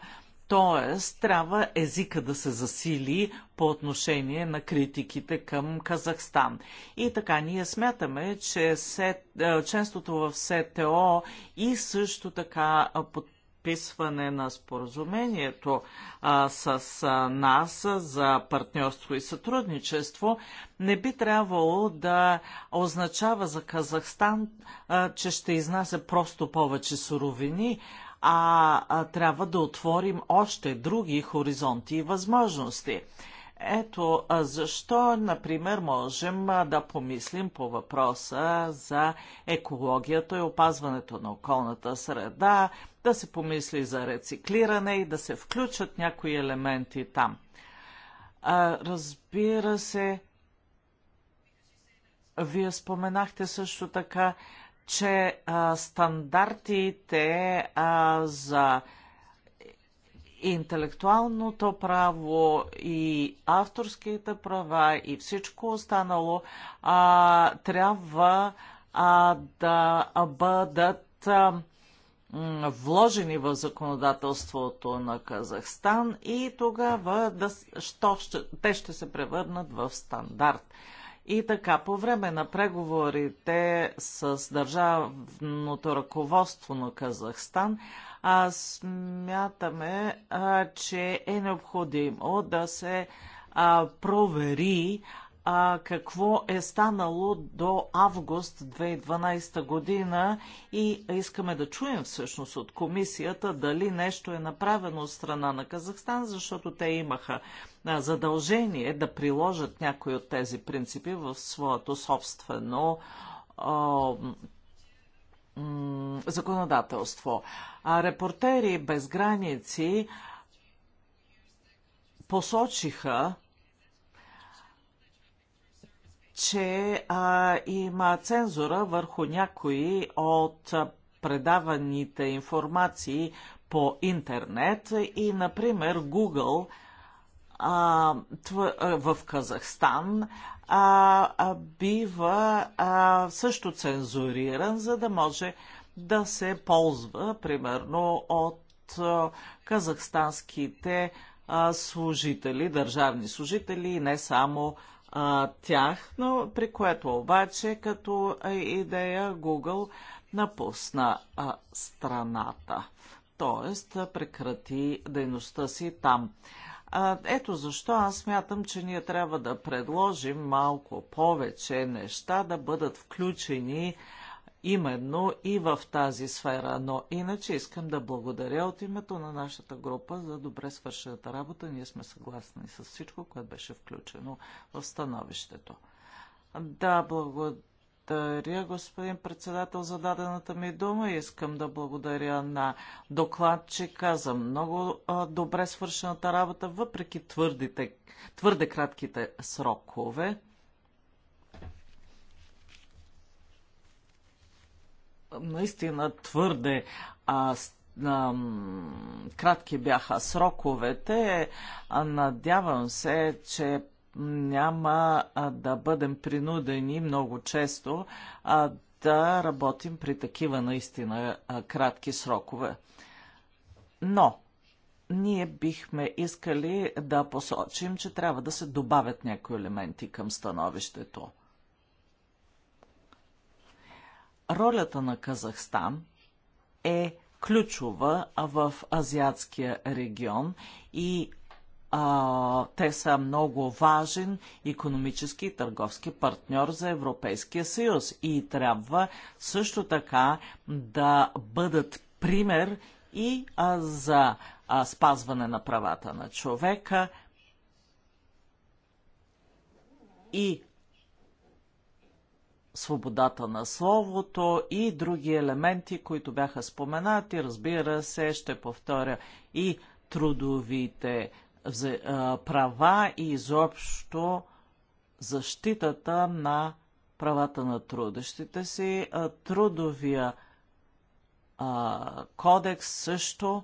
Тоест, трябва езика да се засили по отношение на критиките към Казахстан. И така, ние смятаме, че се, членството в СТО и също така под подписване на споразумението а, с а, нас за партньорство и сътрудничество не би трябвало да означава за Казахстан, а, че ще изнася просто повече суровини, а, а трябва да отворим още други хоризонти и възможности. Ето защо, например, можем да помислим по въпроса за екологията и опазването на околната среда, да се помисли за рециклиране и да се включат някои елементи там. А, разбира се, вие споменахте също така, че а, стандартите а, за а, интелектуалното право и авторските права и всичко останало а, трябва а, да бъдат а, вложени в законодателството на Казахстан и тогава да, що, ще, те ще се превърнат в стандарт. И така, по време на преговорите с държавното ръководство на Казахстан, смятаме, че е необходимо да се провери какво е станало до август 2012 година и искаме да чуем всъщност от комисията дали нещо е направено от страна на Казахстан, защото те имаха задължение да приложат някои от тези принципи в своето собствено законодателство. А репортери без граници посочиха, че а, има цензура върху някои от предаваните информации по интернет и, например, Google – а, в Казахстан а, а, бива а, също цензуриран, за да може да се ползва, примерно, от а, казахстанските а, служители, държавни служители и не само а, тях, но при което обаче като идея Google напусна а, страната, т.е. прекрати дейността си там. Ето защо аз мятам, че ние трябва да предложим малко повече неща да бъдат включени именно и в тази сфера. Но иначе искам да благодаря от името на нашата група за добре свършената работа. Ние сме съгласни с всичко, което беше включено в становището. Да, благодаря благодаря, господин председател, за дадената ми дума. Искам да благодаря на докладчика за много добре свършената работа, въпреки твърдите, твърде кратките срокове. Наистина твърде а, а, кратки бяха сроковете. Надявам се, че няма да бъдем принудени много често да работим при такива наистина кратки срокове. Но ние бихме искали да посочим, че трябва да се добавят някои елементи към становището. Ролята на Казахстан е ключова в азиатския регион и а, те са много важен економически и търговски партньор за Европейския съюз и трябва също така да бъдат пример и а, за а, спазване на правата на човека и свободата на словото и други елементи, които бяха споменати. Разбира се, ще повторя и трудовите права и изобщо защитата на правата на трудещите си. Трудовия кодекс също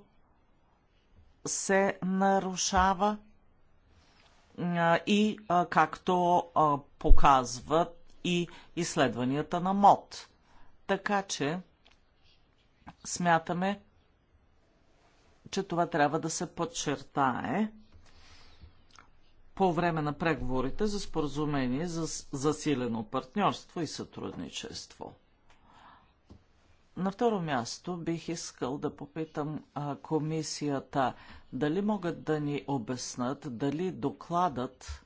се нарушава и както показват и изследванията на МОД. Така че смятаме, че това трябва да се подчертае по време на преговорите за споразумение за засилено партньорство и сътрудничество. На второ място бих искал да попитам а, комисията дали могат да ни обяснат дали докладът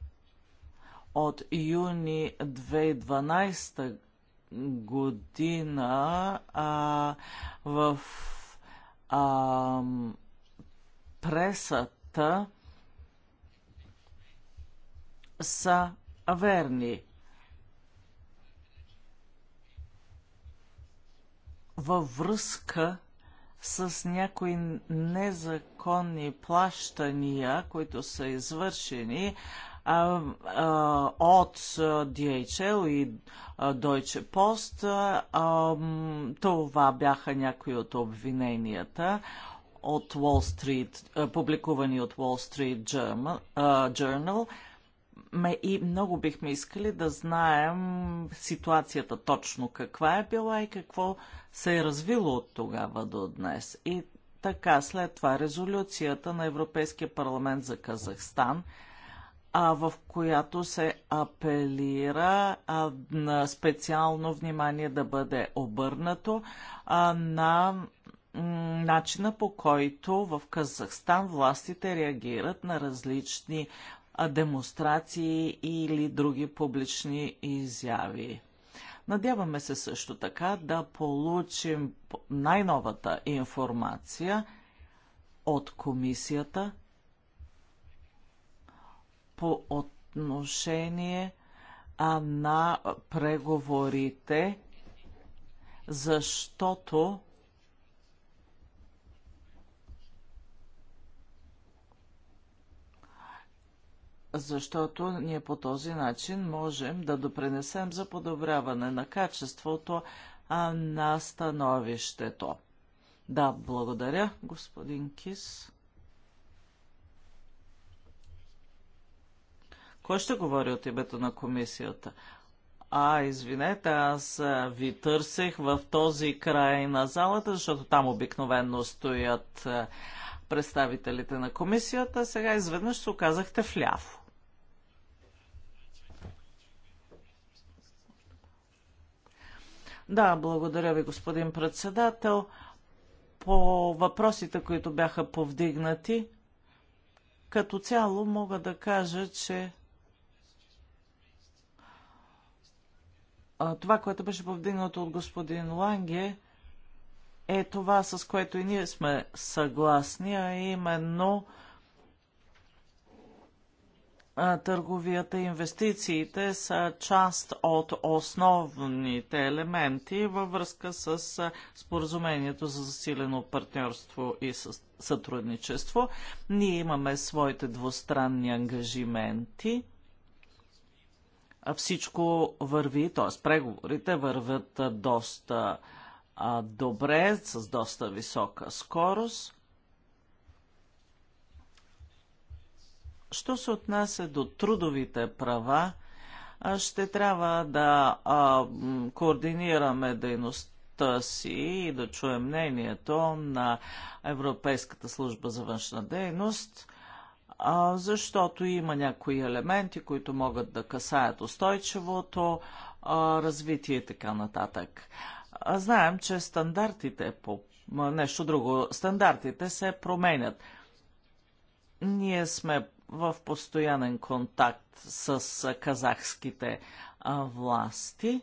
от юни 2012 година а, в а, пресата са верни. Във връзка с някои незаконни плащания, които са извършени а, а, от DHL и Deutsche Post. А, това бяха някои от обвиненията от Wall Street, публикувани от Wall Street Journal ме и много бихме искали да знаем ситуацията точно каква е била и какво се е развило от тогава до днес. И така, след това резолюцията на Европейския парламент за Казахстан, а, в която се апелира а, на специално внимание да бъде обърнато а, на начина по който в Казахстан властите реагират на различни демонстрации или други публични изяви. Надяваме се също така да получим най-новата информация от комисията по отношение на преговорите, защото защото ние по този начин можем да допренесем за подобряване на качеството а на становището. Да, благодаря, господин Кис. Кой ще говори от името на комисията? А, извинете, аз ви търсех в този край на залата, защото там обикновенно стоят представителите на комисията. Сега изведнъж се оказахте вляво. Да, благодаря ви, господин председател. По въпросите, които бяха повдигнати, като цяло мога да кажа, че това, което беше повдигнато от господин Ланге, е това, с което и ние сме съгласни, а именно търговията и инвестициите са част от основните елементи във връзка с споразумението за засилено партньорство и сътрудничество. Ние имаме своите двустранни ангажименти. Всичко върви, т.е. преговорите вървят доста добре, с доста висока скорост. Що се отнася до трудовите права, ще трябва да а, координираме дейността си и да чуем мнението на Европейската служба за външна дейност, а, защото има някои елементи, които могат да касаят устойчивото а, развитие и така нататък. А, знаем, че стандартите по нещо друго, стандартите се променят. Ние сме в постоянен контакт с казахските власти.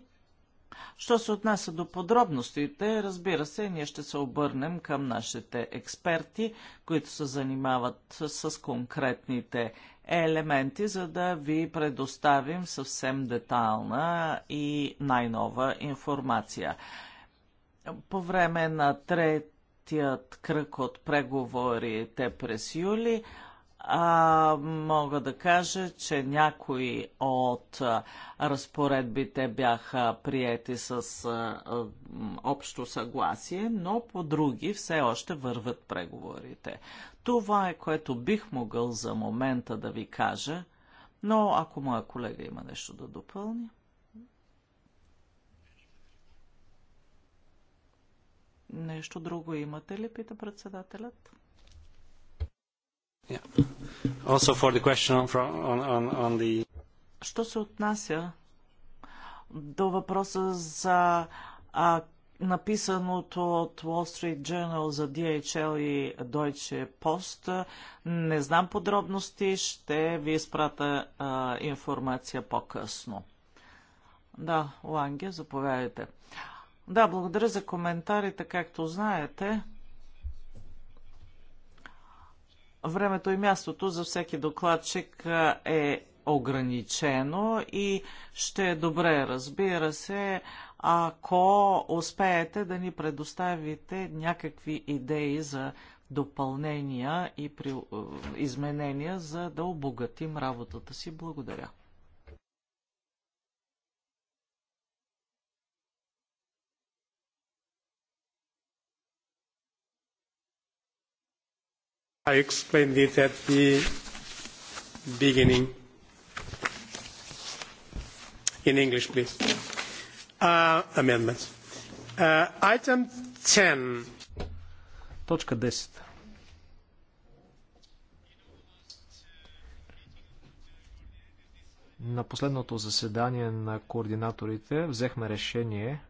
Що се отнася до подробностите, разбира се, ние ще се обърнем към нашите експерти, които се занимават с конкретните елементи, за да ви предоставим съвсем детална и най-нова информация. По време на третият кръг от преговорите през юли, а, мога да кажа, че някои от разпоредбите бяха приети с а, общо съгласие, но по други все още върват преговорите. Това е което бих могъл за момента да ви кажа, но ако моя колега има нещо да допълни. Нещо друго имате ли, пита председателят? Що се отнася до въпроса за а, написаното от Wall Street Journal за DHL и Deutsche Post. Не знам подробности, ще ви изпрата а, информация по-късно. Да, Ланге, заповядайте. Да, благодаря за коментарите. Както знаете, времето и мястото за всеки докладчик е ограничено и ще е добре, разбира се, ако успеете да ни предоставите някакви идеи за допълнения и изменения, за да обогатим работата си. Благодаря. I explained it at the beginning. In English, please. Uh, amendments. Uh, item 10. Точка 10. На последното заседание на координаторите взехме решение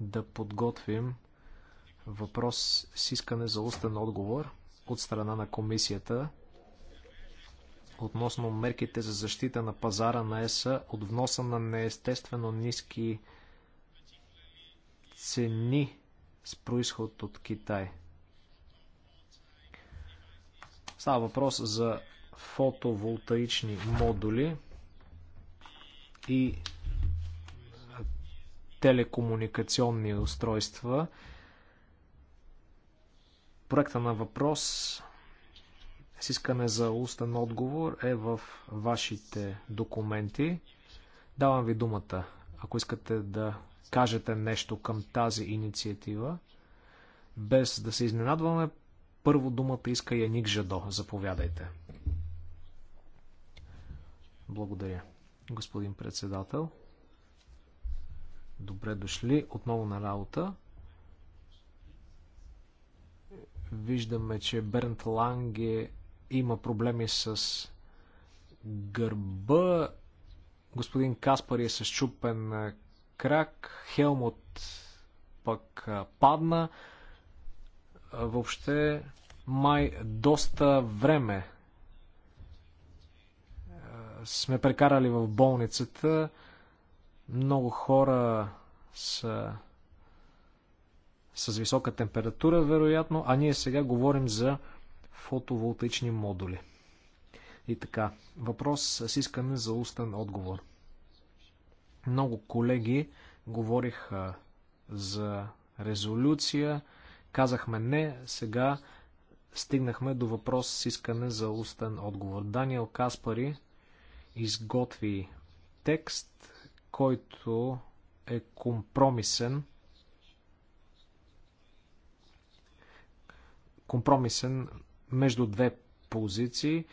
да подготвим въпрос с искане за устен отговор – от страна на комисията относно мерките за защита на пазара на ЕС от вноса на неестествено ниски цени с происход от Китай. Става въпрос за фотоволтаични модули и телекомуникационни устройства – Проекта на въпрос с искане за устен отговор е в вашите документи. Давам ви думата, ако искате да кажете нещо към тази инициатива. Без да се изненадваме, първо думата иска Яник Жадо. Заповядайте. Благодаря, господин председател. Добре дошли отново на работа. Виждаме, че Бернт Ланге има проблеми с гърба. Господин Каспар е с чупен крак. Хелмут пък падна. Въобще май доста време сме прекарали в болницата. Много хора са с висока температура, вероятно, а ние сега говорим за фотоволтаични модули. И така, въпрос с искане за устен отговор. Много колеги говориха за резолюция, казахме не, сега стигнахме до въпрос с искане за устен отговор. Даниел Каспари изготви текст, който е компромисен компромисен между две позиции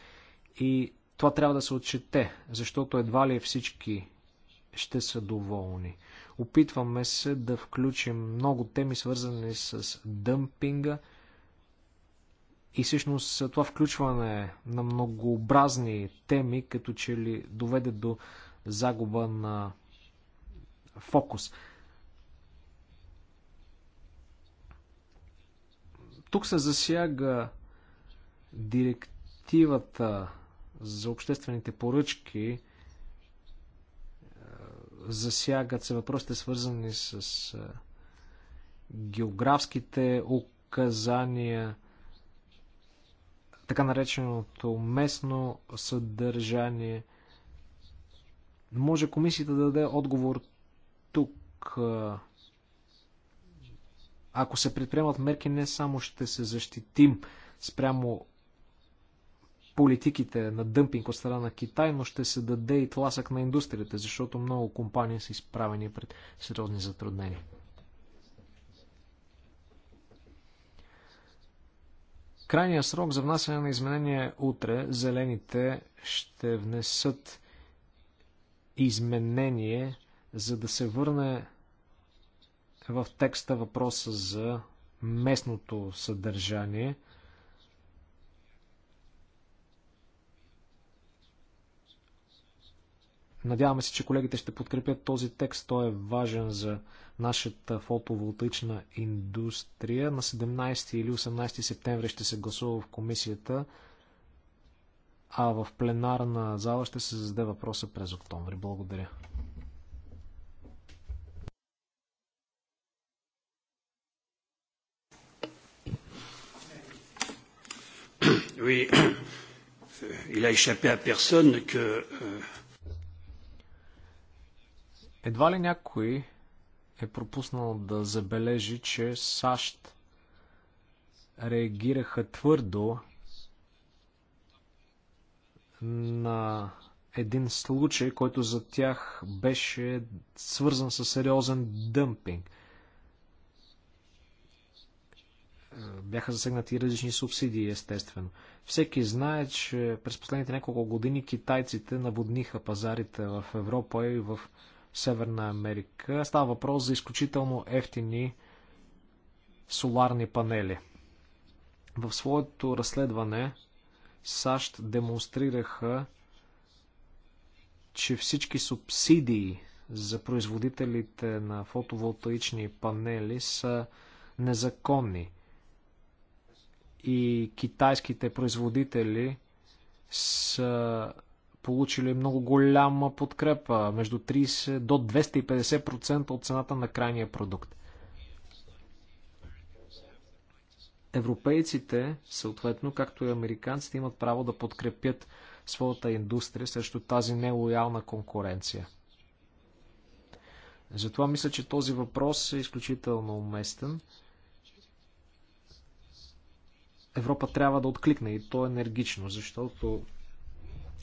и това трябва да се отчете, защото едва ли всички ще са доволни. Опитваме се да включим много теми, свързани с дъмпинга. И всъщност това включване на многообразни теми, като че ли доведе до загуба на фокус. Тук се засяга директивата за обществените поръчки. Е, засягат се въпросите свързани с е, географските указания, така нареченото местно съдържание. Може комисията да даде отговор тук е, ако се предприемат мерки, не само ще се защитим спрямо политиките на дъмпинг от страна на Китай, но ще се даде и тласък на индустрията, защото много компании са изправени пред сериозни затруднения. Крайният срок за внасяне на изменения е утре. Зелените ще внесат изменение, за да се върне в текста въпроса за местното съдържание. Надяваме се, че колегите ще подкрепят този текст. Той е важен за нашата фотоволтаична индустрия. На 17 или 18 септември ще се гласува в комисията, а в пленарна зала ще се зададе въпроса през октомври. Благодаря. Oui, il a échappé à personne que... Euh, Едва ли някой е пропуснал да забележи, че САЩ реагираха твърдо на един случай, който за тях беше свързан с сериозен дъмпинг. Бяха засегнати различни субсидии, естествено. Всеки знае, че през последните няколко години китайците наводниха пазарите в Европа и в Северна Америка. Става въпрос за изключително ефтини соларни панели. В своето разследване САЩ демонстрираха, че всички субсидии за производителите на фотоволтаични панели са незаконни и китайските производители са получили много голяма подкрепа, между 30 до 250% от цената на крайния продукт. Европейците, съответно, както и американците, имат право да подкрепят своята индустрия срещу тази нелоялна конкуренция. Затова мисля, че този въпрос е изключително уместен. Европа трябва да откликне и то енергично, защото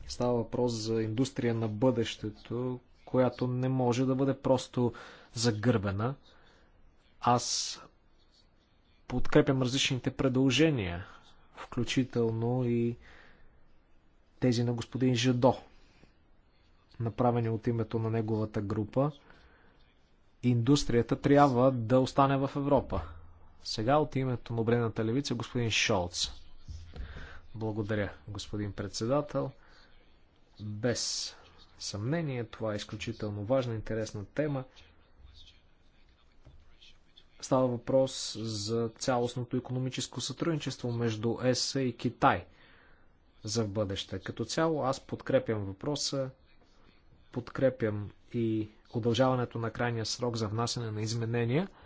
става въпрос за индустрия на бъдещето, която не може да бъде просто загърбена. Аз подкрепям различните предложения, включително и тези на господин Жадо, направени от името на неговата група. Индустрията трябва да остане в Европа. Сега от името на Обрената левица господин Шолц. Благодаря, господин председател. Без съмнение, това е изключително важна, интересна тема. Става въпрос за цялостното економическо сътрудничество между ЕС и Китай за в бъдеще. Като цяло аз подкрепям въпроса, подкрепям и удължаването на крайния срок за внасяне на изменения –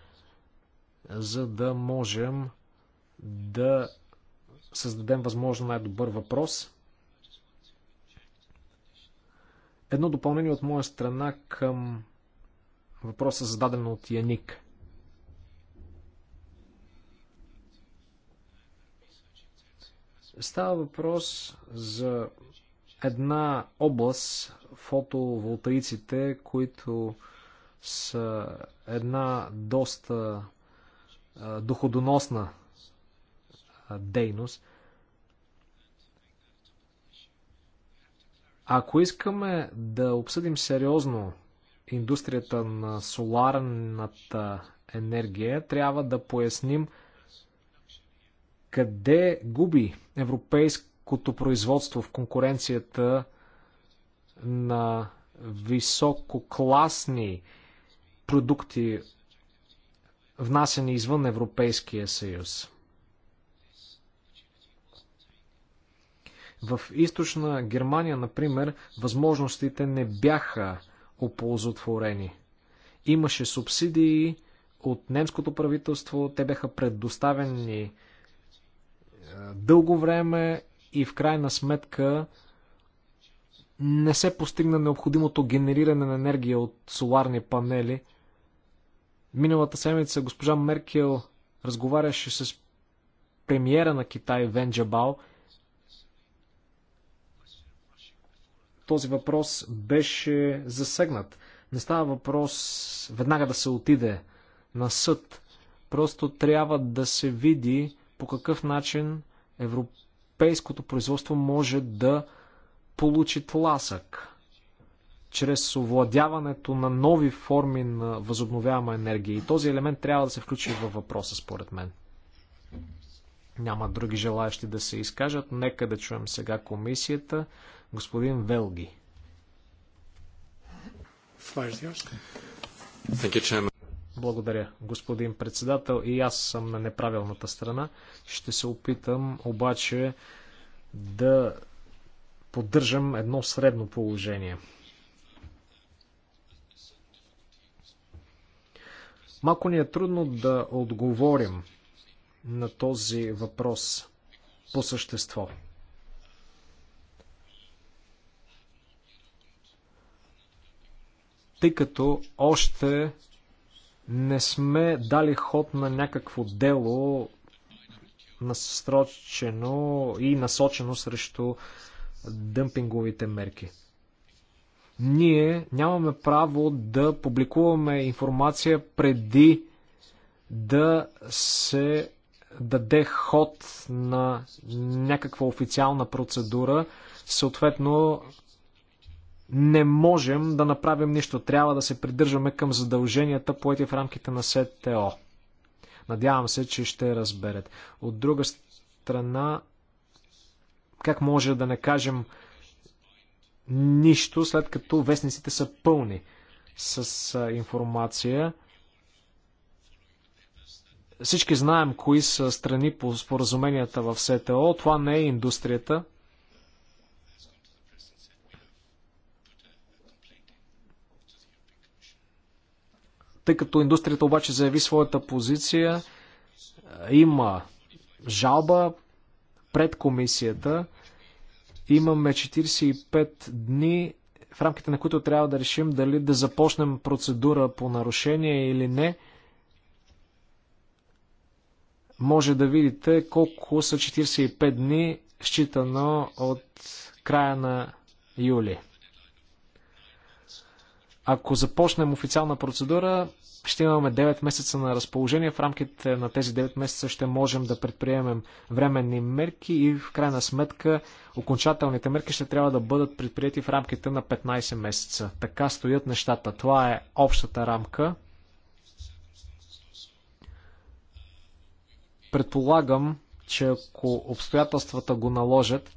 за да можем да създадем възможно най-добър въпрос. Едно допълнение от моя страна към въпроса зададен от Яник. Става въпрос за една област, фотоволтаиците, които са една доста доходоносна дейност. Ако искаме да обсъдим сериозно индустрията на соларната енергия, трябва да поясним къде губи европейското производство в конкуренцията на висококласни продукти внасени извън Европейския съюз. В източна Германия, например, възможностите не бяха оползотворени. Имаше субсидии от немското правителство, те бяха предоставени е, дълго време и в крайна сметка не се постигна необходимото генериране на енергия от соларни панели – Миналата седмица госпожа Меркел разговаряше с премиера на Китай Вен Джабао. Този въпрос беше засегнат. Не става въпрос веднага да се отиде на съд. Просто трябва да се види по какъв начин европейското производство може да получи тласък чрез овладяването на нови форми на възобновяема енергия. И този елемент трябва да се включи във въпроса, според мен. Няма други желаящи да се изкажат. Нека да чуем сега комисията. Господин Велги. Благодаря, господин председател. И аз съм на неправилната страна. Ще се опитам обаче да поддържам едно средно положение. Малко ни е трудно да отговорим на този въпрос по същество. Тъй като още не сме дали ход на някакво дело насрочено и насочено срещу дъмпинговите мерки. Ние нямаме право да публикуваме информация преди да се даде ход на някаква официална процедура. Съответно, не можем да направим нищо. Трябва да се придържаме към задълженията, поети в рамките на СТО. Надявам се, че ще разберете. От друга страна, как може да не кажем нищо, след като вестниците са пълни с информация. Всички знаем кои са страни по споразуменията в СТО. Това не е индустрията. Тъй като индустрията обаче заяви своята позиция, има жалба пред комисията. Имаме 45 дни, в рамките на които трябва да решим дали да започнем процедура по нарушение или не. Може да видите колко са 45 дни, считано от края на юли. Ако започнем официална процедура, ще имаме 9 месеца на разположение. В рамките на тези 9 месеца ще можем да предприемем временни мерки и в крайна сметка окончателните мерки ще трябва да бъдат предприяти в рамките на 15 месеца. Така стоят нещата. Това е общата рамка. Предполагам, че ако обстоятелствата го наложат,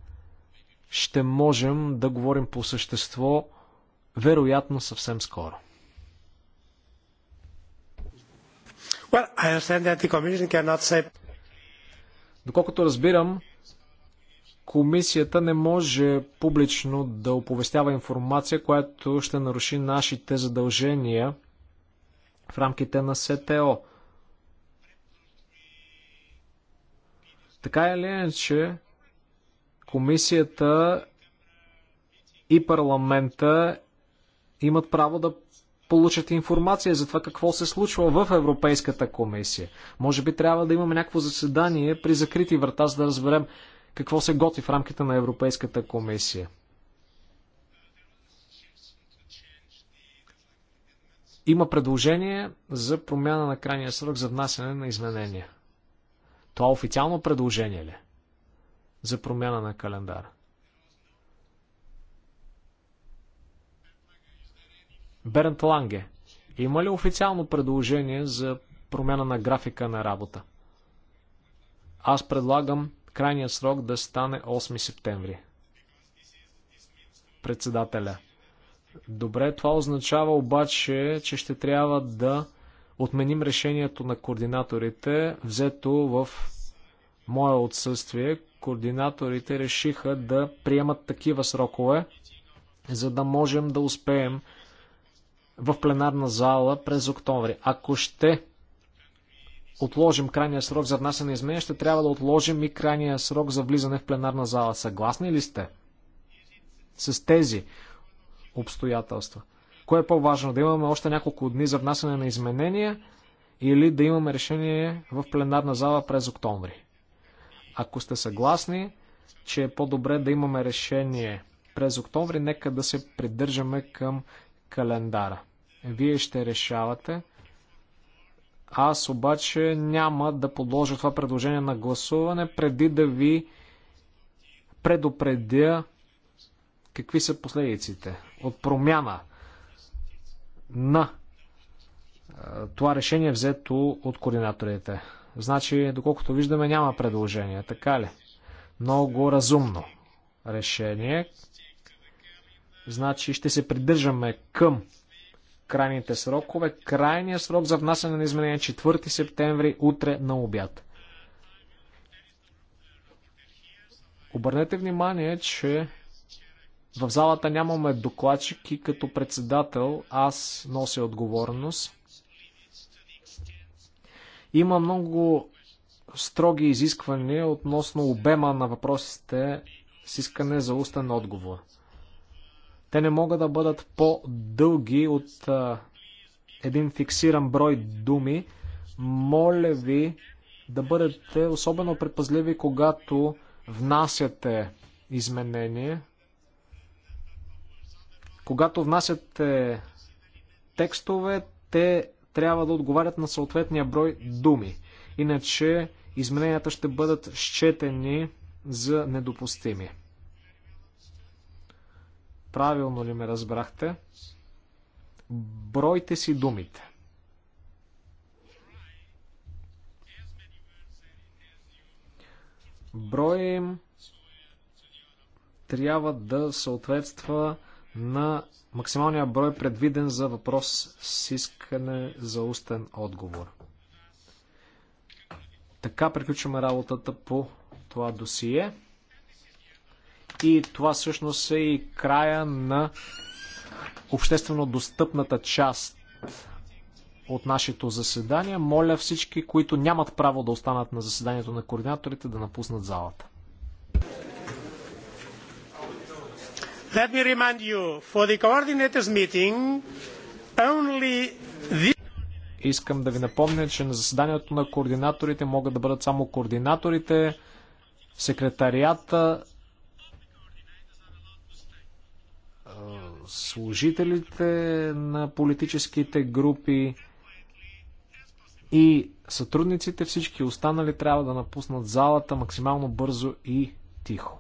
ще можем да говорим по същество, вероятно съвсем скоро. Доколкото разбирам, комисията не може публично да оповестява информация, която ще наруши нашите задължения в рамките на СТО. Така е ли иначе, комисията и парламента имат право да получат информация за това какво се случва в Европейската комисия. Може би трябва да имаме някакво заседание при закрити врата, за да разберем какво се готи в рамките на Европейската комисия. Има предложение за промяна на крайния срок за внасяне на изменения. Това е официално предложение ли? За промяна на календара. Бернт Ланге, има ли официално предложение за промяна на графика на работа? Аз предлагам крайният срок да стане 8 септември. Председателя. Добре, това означава обаче, че ще трябва да отменим решението на координаторите, взето в мое отсъствие. Координаторите решиха да приемат такива срокове, за да можем да успеем в пленарна зала през октомври. Ако ще отложим крайния срок за внасяне изменения, ще трябва да отложим и крайния срок за влизане в пленарна зала. Съгласни ли сте с тези обстоятелства? Кое е по-важно? Да имаме още няколко дни за внасяне на изменения или да имаме решение в пленарна зала през октомври? Ако сте съгласни, че е по-добре да имаме решение през октомври, нека да се придържаме към календара. Вие ще решавате. Аз обаче няма да подложа това предложение на гласуване преди да ви предупредя какви са последиците от промяна на това решение взето от координаторите. Значи, доколкото виждаме, няма предложение, така ли? Много разумно решение, Значи ще се придържаме към крайните срокове. Крайният срок за внасяне на изменение 4 септември, утре на обяд. Обърнете внимание, че в залата нямаме докладчик и като председател аз нося отговорност. Има много строги изисквания относно обема на въпросите с искане за устен отговор. Те не могат да бъдат по-дълги от а, един фиксиран брой думи. Моля ви да бъдете особено предпазливи, когато внасяте изменение. Когато внасяте текстове, те трябва да отговарят на съответния брой думи. Иначе измененията ще бъдат счетени за недопустими. Правилно ли ме разбрахте? Бройте си думите. Броим трябва да съответства на максималния брой предвиден за въпрос с искане за устен отговор. Така приключваме работата по това досие и това всъщност е и края на обществено достъпната част от нашето заседание. Моля всички, които нямат право да останат на заседанието на координаторите, да напуснат залата. Let me remind you, for the coordinators meeting, only the... Искам да ви напомня, че на заседанието на координаторите могат да бъдат само координаторите, секретарията, служителите на политическите групи и сътрудниците, всички останали трябва да напуснат залата максимално бързо и тихо.